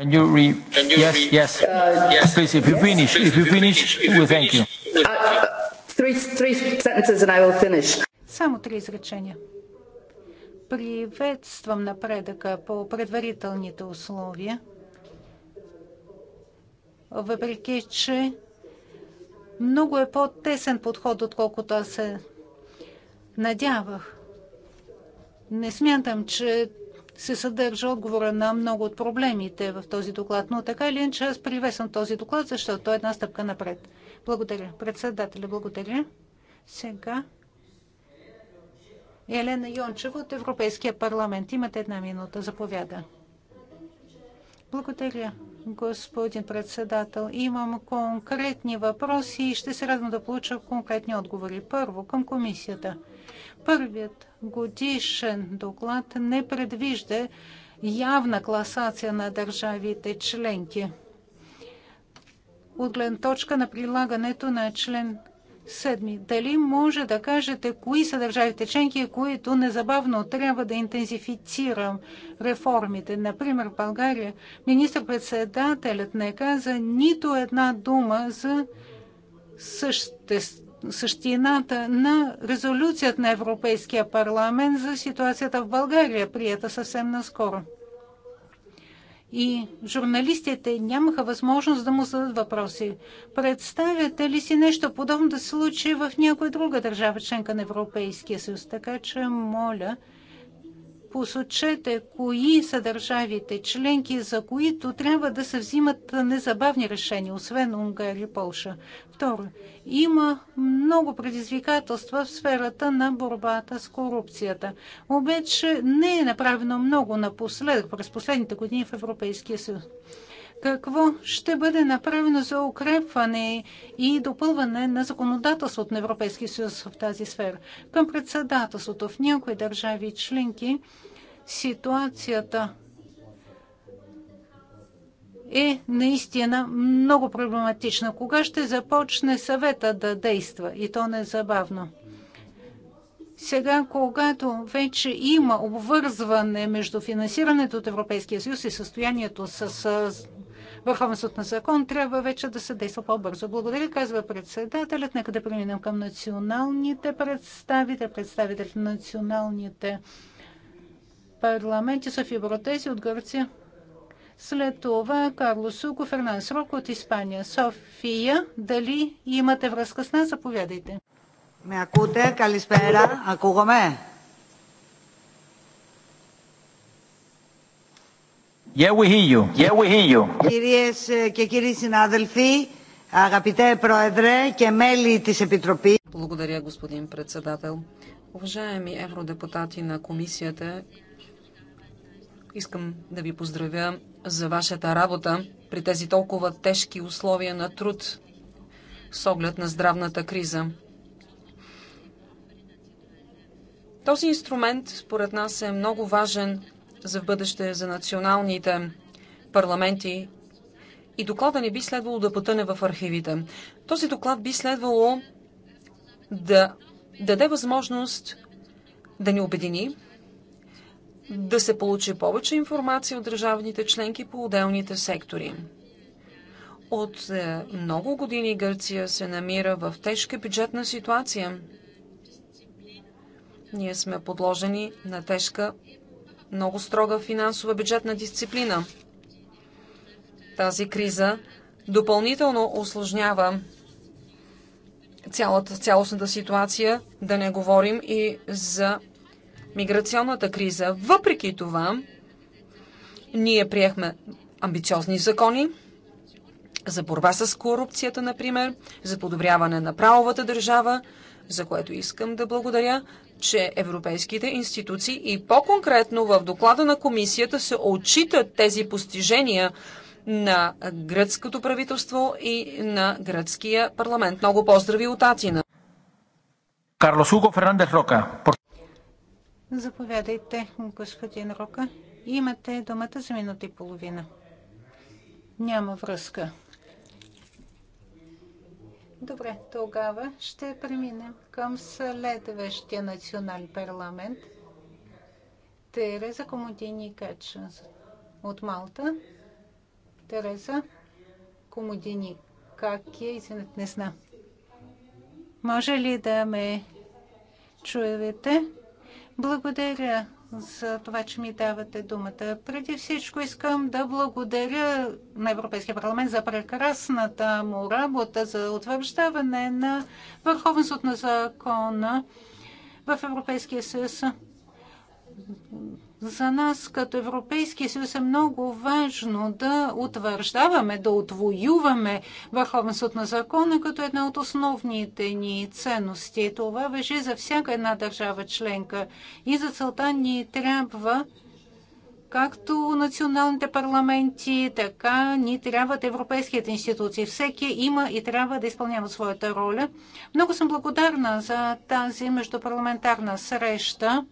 you re... yes, yes. Uh, Please, if you finish, if you finish, we thank you. Uh, uh, three, three sentences and I will finish. Само три изречения. Приветствам напредъка по предварителните условия, въпреки че много е по-тесен подход, отколкото аз се надявах. Не смятам, че се съдържа отговора на много от проблемите в този доклад, но така или иначе аз привесвам този доклад, защото той е една стъпка напред. Благодаря. Председателя, благодаря. Сега Елена Йончева от Европейския парламент. Имате една минута. Заповяда. Благодаря, господин председател. Имам конкретни въпроси и ще се радвам да получа конкретни отговори. Първо, към комисията. Първият годишен доклад не предвижда явна класация на държавите членки. От гледна точка на прилагането на член 7. Дали може да кажете кои са държавите членки, които незабавно трябва да интензифицирам реформите? Например, в България министр-председателят не каза нито една дума за съществото същината на резолюцията на Европейския парламент за ситуацията в България, прията съвсем наскоро. И журналистите нямаха възможност да му зададат въпроси. Представяте ли си нещо подобно да се случи в някоя друга държава, членка на Европейския съюз? Така че, моля, посочете кои са държавите членки, за които трябва да се взимат незабавни решения, освен Унгария и Полша. Второ, има много предизвикателства в сферата на борбата с корупцията. Обаче не е направено много напоследък, през последните години в Европейския съюз какво ще бъде направено за укрепване и допълване на законодателството на Европейския съюз в тази сфера. Към председателството в някои държави членки ситуацията е наистина много проблематична. Кога ще започне съвета да действа и то незабавно? Сега, когато вече има обвързване между финансирането от Европейския съюз и състоянието с върховенството на закон, трябва вече да се действа по-бързо. Благодаря, казва председателят. Нека да преминем към националните представители, представители на националните парламенти. София Боротези от Гърция. След това Карло Суко, Фернан Срок от Испания. София, дали имате връзка с нас? Заповядайте. Ме акуте, калиспера, акугаме. Yeah, we hear you. Yeah, we hear you. Κυρίες και κύριοι συνάδελφοι, αγαπητέ Πρόεδρε και μέλη της Επιτροπής. Благодаря, господин председател. Уважаеми евродепутати на комисията, искам да ви поздравя за вашата работа при тези толкова тежки условия на труд с оглед на здравната криза. Този инструмент, според нас, е много важен за в бъдеще за националните парламенти и доклада не би следвало да потъне в архивите. Този доклад би следвало да даде възможност да ни обедини, да се получи повече информация от държавните членки по отделните сектори. От е, много години Гърция се намира в тежка бюджетна ситуация. Ние сме подложени на тежка много строга финансова бюджетна дисциплина. Тази криза допълнително осложнява цялата, цялостната ситуация, да не говорим и за миграционната криза. Въпреки това, ние приехме амбициозни закони за борба с корупцията, например, за подобряване на правовата държава, за което искам да благодаря, че европейските институции и по-конкретно в доклада на комисията се отчитат тези постижения на гръцкото правителство и на гръцкия парламент. Много поздрави от Атина. Карлос Уго Фернандес Рока. Заповядайте, господин Рока. Имате думата за минута и половина. Няма връзка. Добре, тогава ще преминем към следващия национален парламент. Тереза Комодини Каченс от Малта. Тереза Комодини как е, извинете, не знам. Може ли да ме чуете? Благодаря за това, че ми давате думата. Преди всичко искам да благодаря на Европейския парламент за прекрасната му работа за утвърждаване на върховенството на закона в Европейския съюз за нас като Европейски съюз е много важно да утвърждаваме, да отвоюваме върховенството на закона като една от основните ни ценности. Това въжи за всяка една държава членка. И за целта ни трябва както националните парламенти, така ни трябват европейските институции. Всеки има и трябва да изпълнява своята роля. Много съм благодарна за тази междупарламентарна среща.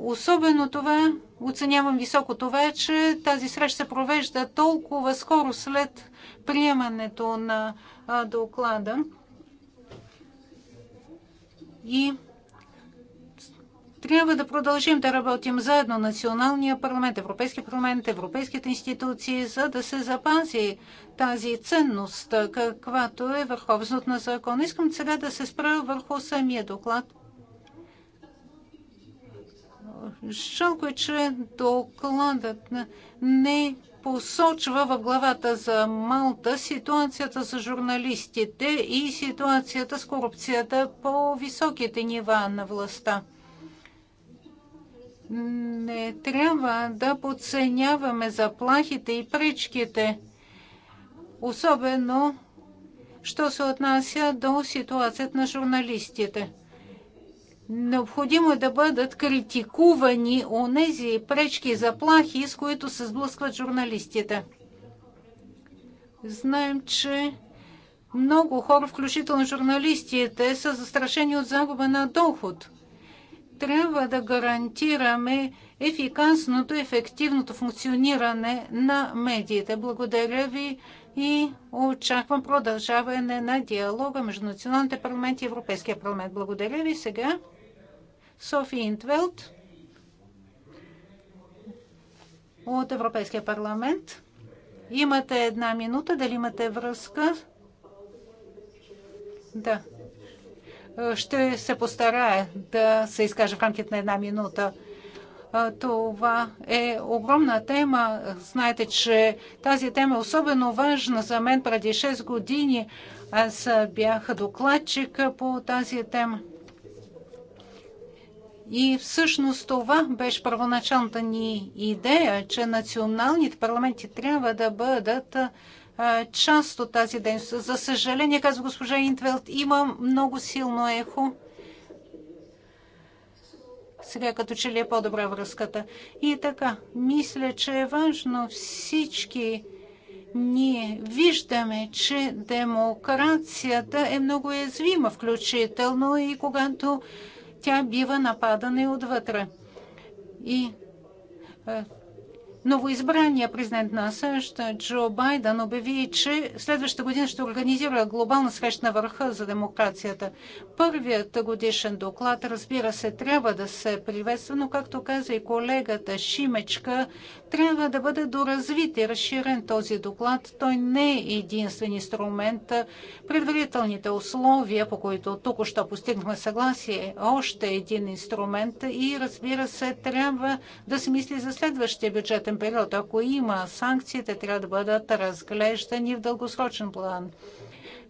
Особено това, оценявам високо това, че тази среща се провежда толкова скоро след приемането на доклада. И трябва да продължим да работим заедно националния парламент, Европейския парламент, европейските институции, за да се запази тази ценност, каквато е върховност на закон. Искам сега да се спра върху самия доклад. Жалко е, докладът не посочва в главата за Малта ситуацията с журналистите и ситуацията с корупцията по високите нива на властта. Не трябва да подценяваме заплахите и пречките, особено що се отнася до ситуацията на журналистите. Необходимо е да бъдат критикувани онези пречки и заплахи, с които се сблъскват журналистите. Знаем, че много хора, включително журналистите, са застрашени от загуба на доход. Трябва да гарантираме ефикасното и ефективното функциониране на медиите. Благодаря ви и очаквам продължаване на диалога между националните парламенти и Европейския парламент. Благодаря ви сега. Софи Интвелт от Европейския парламент. Имате една минута. Дали имате връзка? Да. Ще се постарая да се изкажа в рамките на една минута. Това е огромна тема. Знаете, че тази тема е особено важна за мен. Преди 6 години аз бях докладчик по тази тема. И всъщност това беше първоначалната ни идея, че националните парламенти трябва да бъдат част от тази дейност. За съжаление, казва госпожа Интвелт, има много силно ехо. Сега като че ли е по-добра връзката. И така, мисля, че е важно всички ние виждаме, че демокрацията е много уязвима, включително и когато тя бива нападана и отвътре. И е, Новоизбрания президент на САЩ Джо Байден обяви, че следващата година ще организира глобална среща на върха за демокрацията. Първият годишен доклад, разбира се, трябва да се приветства, но както каза и колегата Шимечка, трябва да бъде доразвит и разширен този доклад. Той не е единствен инструмент. Предварителните условия, по които тук още постигнахме съгласие, е още един инструмент и разбира се, трябва да се мисли за следващия бюджетен период. Ако има санкции, те трябва да бъдат разглеждани в дългосрочен план.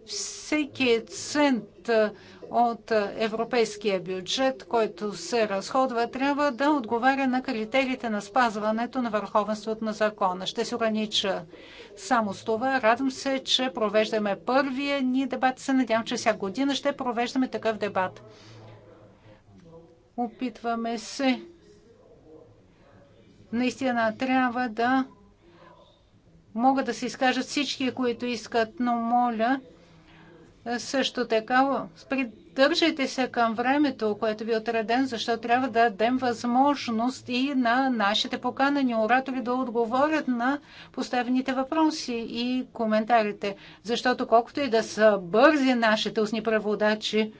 Всеки цент от европейския бюджет, който се разходва, трябва да отговаря на критериите на спазването на върховенството на закона. Ще се огранича само с това. Радвам се, че провеждаме първия ни дебат. Се надявам, че всяка година ще провеждаме такъв дебат. Опитваме се Наистина трябва да могат да се изкажат всички, които искат, но моля е, също така придържайте се към времето, което ви е отреден, защото трябва да дадем възможност и на нашите поканени оратори да отговорят на поставените въпроси и коментарите. Защото колкото и да са бързи нашите устни преводачи,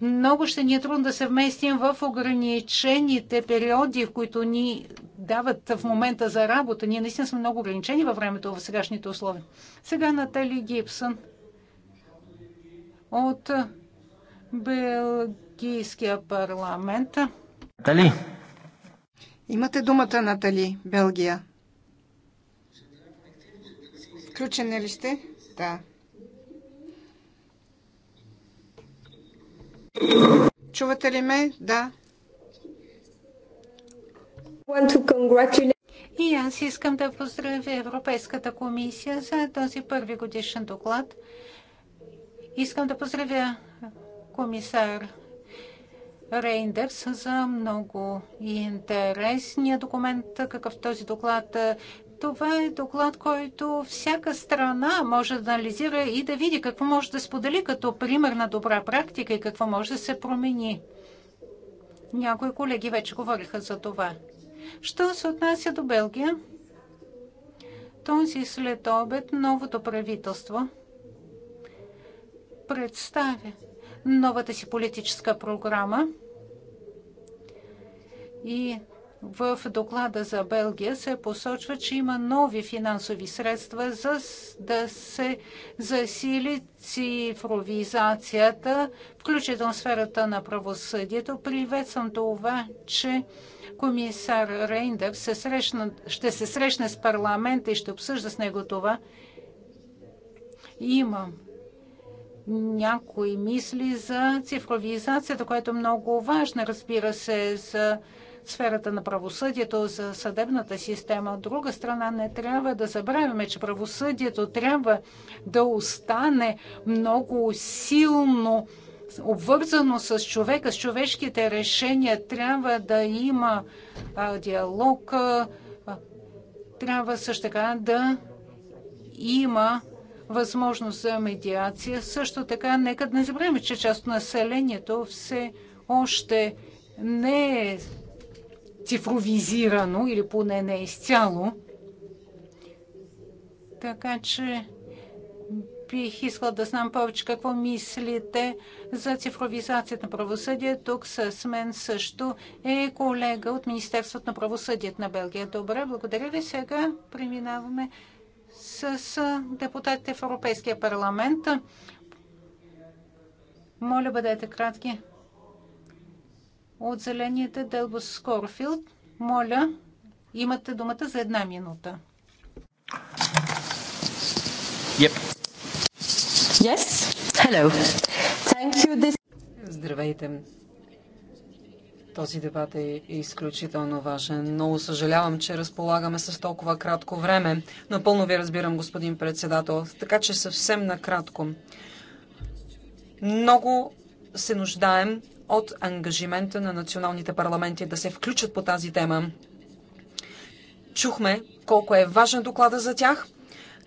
много ще ни е трудно да се вместим в ограничените периоди, в които ни дават в момента за работа. Ние наистина сме много ограничени във времето в сегашните условия. Сега Натали Гибсън от Белгийския парламент. Натали. Имате думата, Натали, Белгия. Включен ли сте? Да. Чувате ли ме? Да. И аз искам да поздравя Европейската комисия за този първи годишен доклад. Искам да поздравя комисар Рейндърс за много интересния документ, какъв този доклад това е доклад, който всяка страна може да анализира и да види какво може да сподели като пример на добра практика и какво може да се промени. Някои колеги вече говориха за това. Що се отнася до Белгия? Този след обед новото правителство представя новата си политическа програма и в доклада за Белгия се посочва, че има нови финансови средства за да се засили цифровизацията, включително сферата на правосъдието. Приветствам това, че комисар Рейндър се срещна, ще се срещне с парламента и ще обсъжда с него това. Има някои мисли за цифровизацията, която е много важна, разбира се, за сферата на правосъдието, за съдебната система. От друга страна, не трябва да забравяме, че правосъдието трябва да остане много силно обвързано с човека, с човешките решения. Трябва да има диалог, трябва също така да има възможност за медиация. Също така, нека да не забравяме, че част от населението все още не е цифровизирано или поне не изцяло. Така че бих искала да знам повече какво мислите за цифровизацията на правосъдие. Тук с мен също е колега от Министерството на правосъдието на Белгия. Добре, благодаря ви. Сега преминаваме с депутатите в Европейския парламент. Моля, бъдете кратки от зеленията Делбус Скорфилд. Моля, имате думата за една минута. Yep. Yes. Hello. Thank you. This... Здравейте. Този дебат е изключително важен. Много съжалявам, че разполагаме с толкова кратко време. Напълно ви разбирам, господин председател. Така че съвсем накратко. Много се нуждаем от ангажимента на националните парламенти да се включат по тази тема. Чухме колко е важен доклада за тях,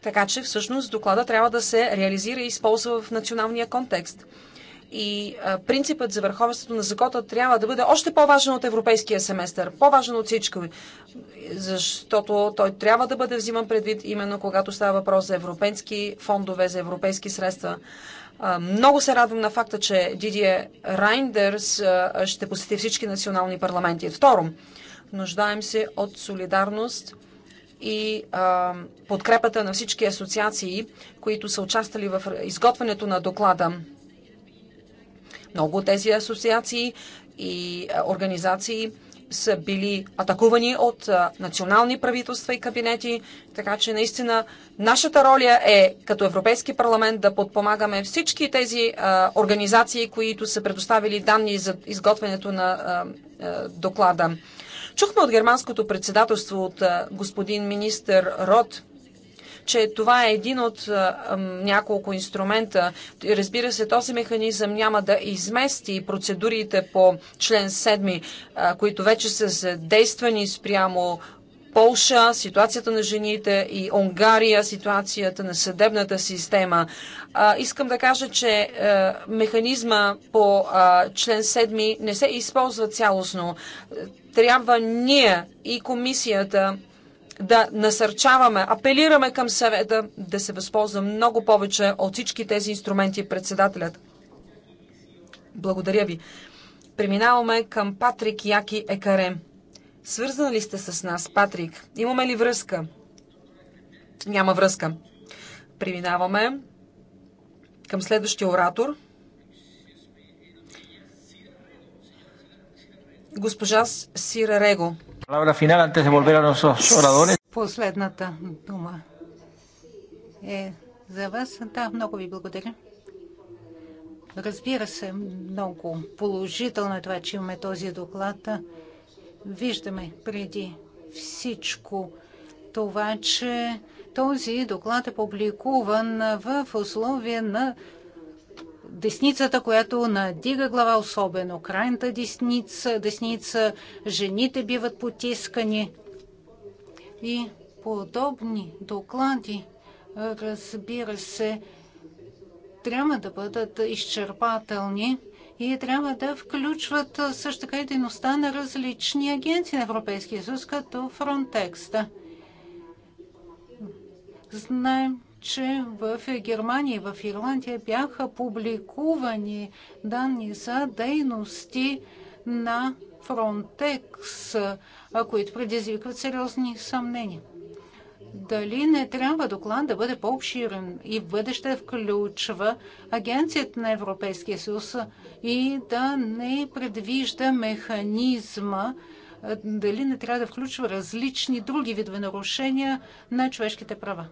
така че всъщност доклада трябва да се реализира и използва в националния контекст. И а, принципът за върховенството на закона трябва да бъде още по-важен от европейския семестър, по-важен от всичко, защото той трябва да бъде взиман предвид именно когато става въпрос за европейски фондове, за европейски средства. Много се радвам на факта, че Дидие Райндерс ще посети всички национални парламенти. Второ, нуждаем се от солидарност и а, подкрепата на всички асоциации, които са участвали в изготвянето на доклада. Много от тези асоциации и организации са били атакувани от национални правителства и кабинети, така че наистина нашата роля е като Европейски парламент да подпомагаме всички тези а, организации, които са предоставили данни за изготвянето на а, а, доклада. Чухме от германското председателство от господин министър Рот, че това е един от няколко инструмента. Разбира се, този механизъм няма да измести процедурите по член 7, които вече са задействани спрямо Полша, ситуацията на жените и Унгария, ситуацията на съдебната система. А, искам да кажа, че а, механизма по а, член 7 не се използва цялостно. Трябва ние и комисията да насърчаваме, апелираме към съвета да се възползва много повече от всички тези инструменти председателят. Благодаря ви. Преминаваме към Патрик Яки Екаре. Свързан ли сте с нас, Патрик? Имаме ли връзка? Няма връзка. Преминаваме към следващия оратор. Госпожа Сира Рего. Последната дума е за вас. Да, много ви благодаря. Разбира се, много положително е това, че имаме този доклад. Виждаме преди всичко това, че този доклад е публикуван в условия на десницата, която надига глава, особено крайната десница, десница, жените биват потискани. И подобни доклади, разбира се, трябва да бъдат изчерпателни и трябва да включват също така и дейността на различни агенции на Европейския съюз, като Фронтекста. Знаем, че в Германия и в Ирландия бяха публикувани данни за дейности на Фронтекс, които предизвикват сериозни съмнения. Дали не трябва доклад да бъде по-обширен и в бъдеще включва Агенцията на Европейския съюз и да не предвижда механизма, дали не трябва да включва различни други видове нарушения на човешките права?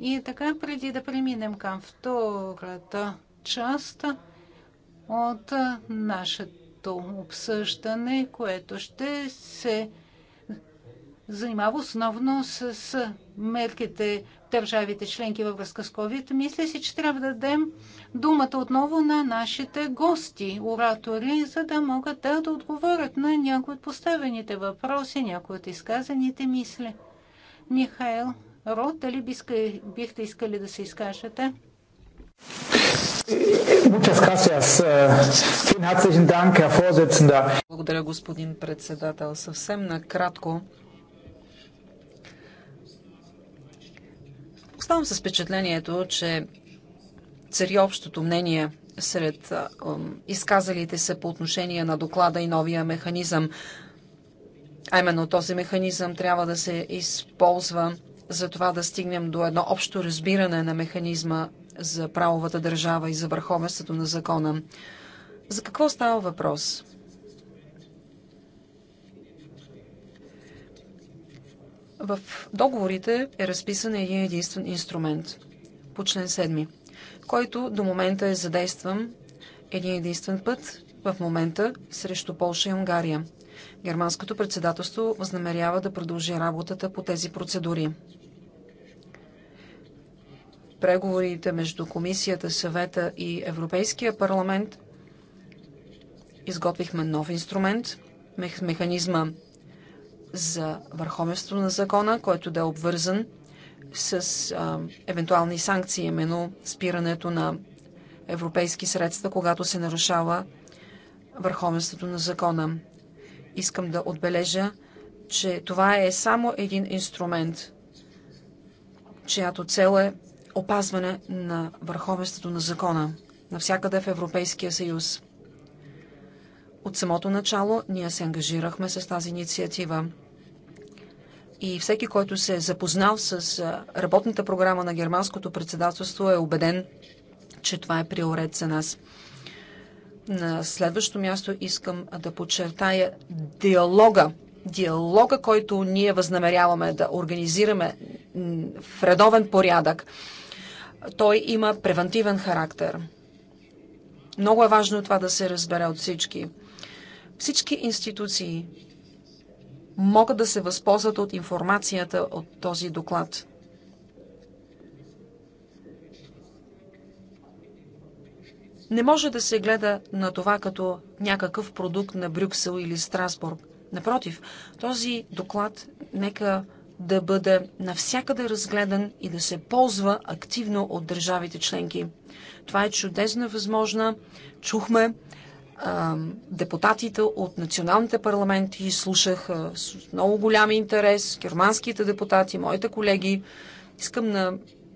И така, преди да преминем към втората част от нашето обсъждане, което ще се занимава основно с, мерките държавите членки във връзка с COVID, мисля си, че трябва да дадем думата отново на нашите гости, оратори, за да могат да, да отговорят на някои от поставените въпроси, някои от изказаните мисли. Михаил род. Дали бихте искали да се изкажете? Благодаря, господин председател. Съвсем накратко. Оставам с впечатлението, че цари общото мнение сред изказалите се по отношение на доклада и новия механизъм. А именно този механизъм трябва да се използва за това да стигнем до едно общо разбиране на механизма за правовата държава и за върховенството на закона. За какво става въпрос? В договорите е разписан един единствен инструмент по член 7, който до момента е задействан един единствен път в момента срещу Полша и Унгария. Германското председателство възнамерява да продължи работата по тези процедури преговорите между Комисията, Съвета и Европейския парламент изготвихме нов инструмент, механизма за върховенство на закона, който да е обвързан с а, евентуални санкции, именно спирането на европейски средства, когато се нарушава върховенството на закона. Искам да отбележа, че това е само един инструмент, чиято цел е опазване на върховенството на закона навсякъде в Европейския съюз. От самото начало ние се ангажирахме с тази инициатива. И всеки, който се е запознал с работната програма на германското председателство, е убеден, че това е приоритет за нас. На следващо място искам да подчертая диалога. Диалога, който ние възнамеряваме да организираме в редовен порядък той има превентивен характер. Много е важно това да се разбере от всички. Всички институции могат да се възползват от информацията от този доклад. Не може да се гледа на това като някакъв продукт на Брюксел или Страсбург. Напротив, този доклад нека да бъде навсякъде разгледан и да се ползва активно от държавите членки. Това е чудесна възможна. Чухме а, депутатите от националните парламенти, слушах а, с много голям интерес германските депутати, моите колеги. Искам на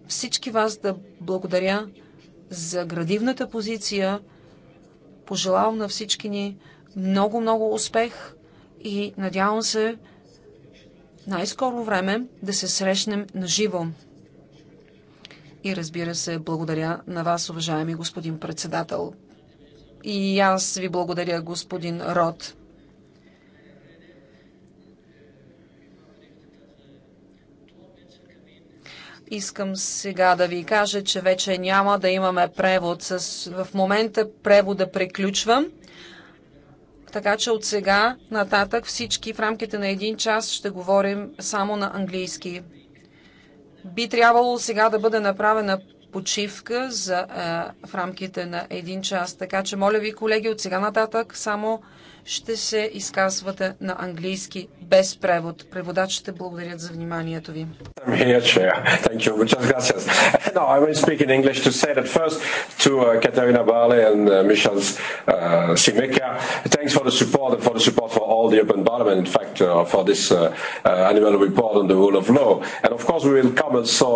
всички вас да благодаря за градивната позиция. Пожелавам на всички ни много-много успех и надявам се, най-скоро време да се срещнем на живо. И разбира се, благодаря на вас, уважаеми господин председател. И аз ви благодаря, господин Род. Искам сега да ви кажа, че вече няма да имаме превод. С... В момента превода приключвам. Така че от сега нататък всички в рамките на един час ще говорим само на английски. Би трябвало сега да бъде направена почивка за, а, в рамките на един час. Така че, моля ви, колеги, от сега нататък само ще се изказвате на английски без превод. Преводачите благодарят за вниманието ви. No, I will speak in English to say that first to uh, Katarina Barley and uh, Michel uh, Simeka, thanks for the support and for the support for all the Open Parliament, in fact, uh, for this uh, uh, annual report on the rule of law. And of course, we will come also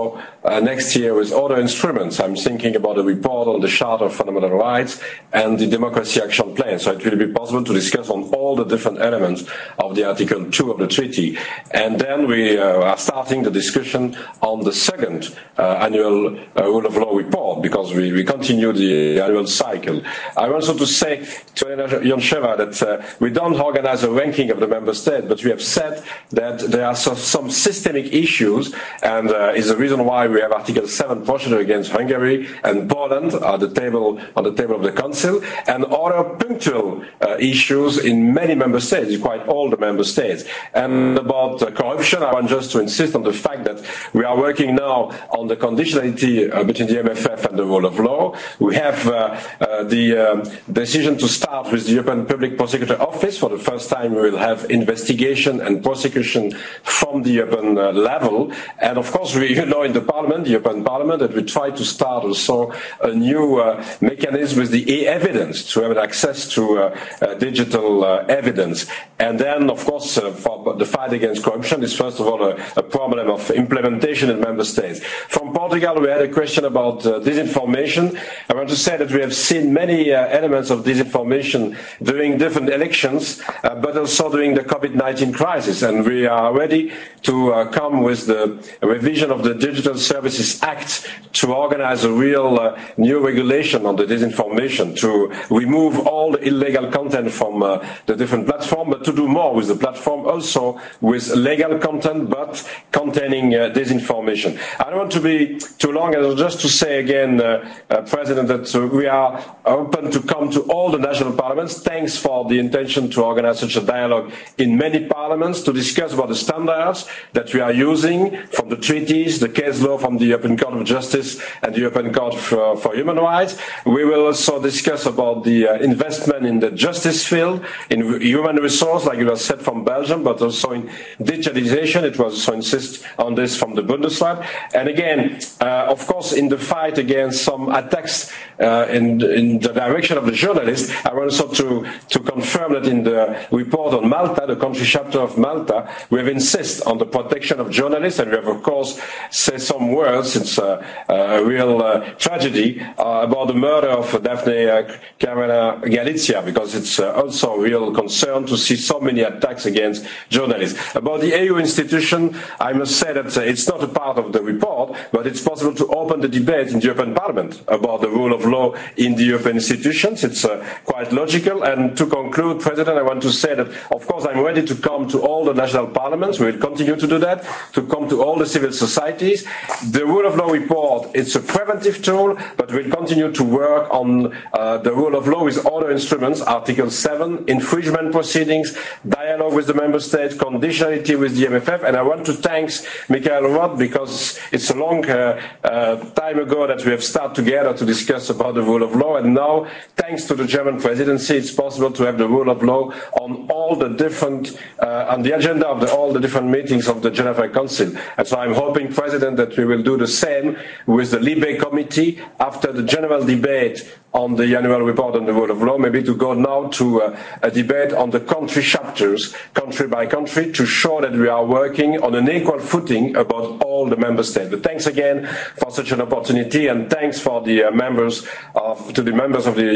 uh, next year with other instruments. I'm thinking about a report on the Charter of Fundamental Rights and the Democracy Action Plan. So it will be possible to discuss discuss on all the different elements of the Article 2 of the treaty. And then we uh, are starting the discussion on the second uh, annual uh, rule of law report because we, we continue the annual cycle. I want also to say to Elena Yonsheva that uh, we don't organize a ranking of the member states, but we have said that there are some, some systemic issues and uh, is the reason why we have Article 7 procedure against Hungary and Poland at the table, on the table of the Council and other punctual uh, issues issues in many member states, in quite all the member states. And about uh, corruption, I want just to insist on the fact that we are working now on the conditionality uh, between the MFF and the rule of law. We have uh, uh, the um, decision to start with the European Public Prosecutor Office. For the first time, we will have investigation and prosecution from the European uh, level. And of course, we, you know, in the Parliament, the European Parliament, that we try to start also a new uh, mechanism with the e-evidence to have access to uh, uh, digital anecdotal uh, evidence. And then, of course, uh, for the fight against corruption is first of all a, a problem of implementation in member states. From Portugal, we had a question about uh, disinformation. I want to say that we have seen many uh, elements of disinformation during different elections, uh, but also during the COVID-19 crisis. And we are ready to uh, come with the revision of the Digital Services Act to organize a real uh, new regulation on the disinformation to remove all the illegal content from uh, the different platform, but to do more with the platform also with legal content, but containing uh, disinformation. I don't want to be too long, and just to say again, uh, uh, President, that uh, we are open to come to all the national parliaments. Thanks for the intention to organize such a dialogue in many parliaments to discuss about the standards that we are using from the treaties, the case law from the European Court of Justice and the European Court for, for Human Rights. We will also discuss about the uh, investment in the justice field field in human resource, like you have said from Belgium, but also in digitalization. It was so insist on this from the Bundesrat. And again, uh, of course, in the fight against some attacks uh, in, in the direction of the journalist. I want also to, to confirm that in the report on Malta, the country chapter of Malta, we have insisted on the protection of journalists and we have, of course, said some words. It's a, a real uh, tragedy uh, about the murder of Daphne uh, Caruana Galizia because it's uh, also a real concern to see so many attacks against journalists. About the EU institution, I must say that it's not a part of the report, but it's possible to open the debate in the European Parliament about the rule of law in the European institutions. It's uh, quite logical. And to conclude, President, I want to say that, of course, I'm ready to come to all the national parliaments. We will continue to do that, to come to all the civil societies. The rule of law report, it's a preventive tool, but we'll continue to work on uh, the rule of law with other instruments, Article 7, infringement proceedings, dialogue with the member states, conditionality with the MFF. And I want to thank Michael Roth because it's a long uh, uh, time ago that we have started together to discuss the about the rule of law. And now, thanks to the German presidency, it's possible to have the rule of law on all the different, uh, on the agenda of the, all the different meetings of the Geneva Council. And so I'm hoping, President, that we will do the same with the Libe Committee after the general debate on the annual report on the rule of law, maybe to go now to uh, a debate on the country chapters, country by country, to show that we are working on an equal footing about all the member states. But thanks again for such an opportunity, and thanks for the uh, members of, to the members of the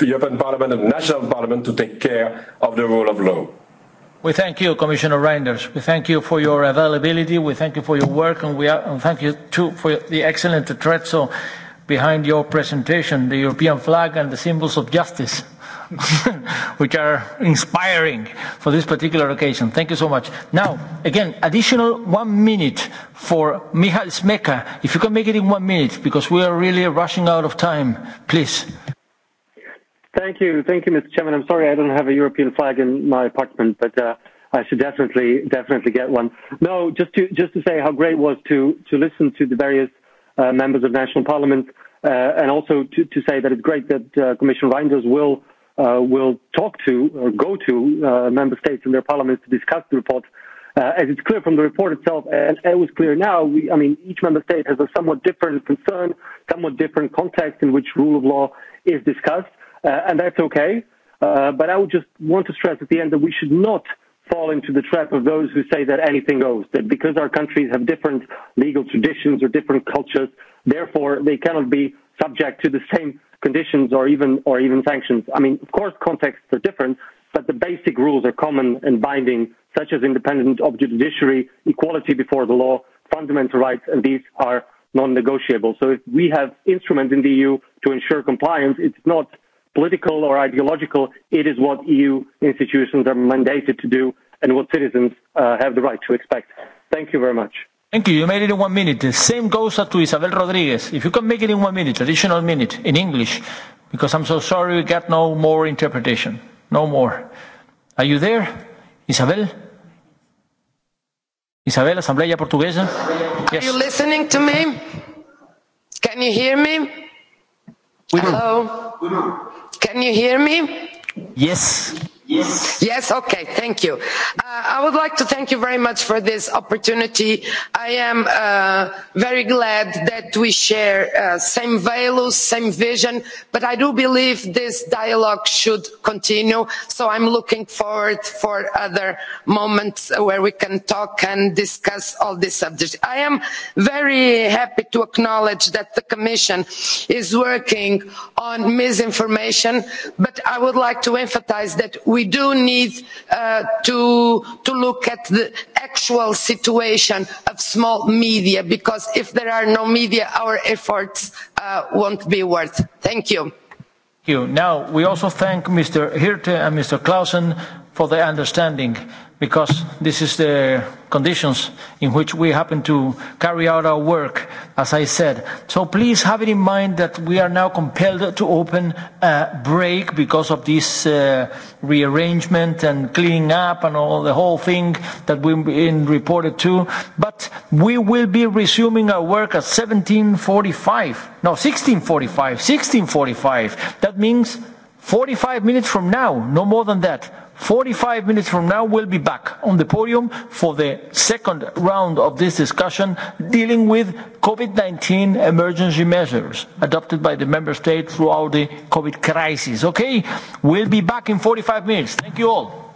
European Parliament and National Parliament to take care of the rule of law. We thank you, Commissioner Reinders. We thank you for your availability. We thank you for your work, and we are, and thank you too for the excellent threat. So behind your presentation, the European flag and the symbols of justice, which are inspiring for this particular occasion. Thank you so much. Now, again, additional one minute for Michal Smeka. If you can make it in one minute, because we are really rushing out of time, please. Thank you. Thank you, Mr. Chairman. I'm sorry I don't have a European flag in my apartment, but uh, I should definitely, definitely get one. No, just to, just to say how great it was to, to listen to the various uh, members of national parliament, uh, and also to, to say that it's great that uh, Commissioner Reinders will uh, will talk to or go to uh, member states and their parliaments to discuss the report. Uh, as it's clear from the report itself, and it was clear now, we, I mean, each member state has a somewhat different concern, somewhat different context in which rule of law is discussed, uh, and that's okay. Uh, but I would just want to stress at the end that we should not uh, fall into the trap of those who say that anything goes, that because our countries have different legal traditions or different cultures, therefore they cannot be subject to the same conditions or even or even sanctions. I mean, of course, contexts are different, but the basic rules are common and binding, such as independent of judiciary, equality before the law, fundamental rights, and these are non-negotiable. So if we have instruments in the EU to ensure compliance, it's not political or ideological. It is what EU institutions are mandated to do and what citizens uh, have the right to expect. Thank you very much. Thank you. You made it in one minute. The same goes to Isabel Rodriguez. If you can make it in one minute, additional minute in English, because I'm so sorry we got no more interpretation. No more. Are you there, Isabel? Isabel, Assembleia Portuguesa? Yes. Are you listening to me? Can you hear me? Hello? Can you hear me? Yes. Yes. Yes. Okay. Thank you. Uh, I would like to thank you very much for this opportunity. I am uh, very glad that we share uh, same values, same vision, but I do believe this dialogue should continue. So I'm looking forward for other moments where we can talk and discuss all these subjects. I am very happy to acknowledge that the Commission is working on misinformation, but I would like to emphasize that we we do need to look at the actual situation of small media because if there are no media our efforts won't be worth. Thank you. Now we also thank Mr. Hirte and Mr. Clausen for their understanding because this is the conditions in which we happen to carry out our work, as I said. So please have it in mind that we are now compelled to open a break because of this uh, rearrangement and cleaning up and all the whole thing that we've been reported to. But we will be resuming our work at 1745, no, 1645, 1645. That means 45 minutes from now, no more than that, 45 minutes from now, we'll be back on the podium for the second round of this discussion dealing with COVID-19 emergency measures adopted by the member States throughout the COVID crisis. Okay? We'll be back in 45 minutes. Thank you all.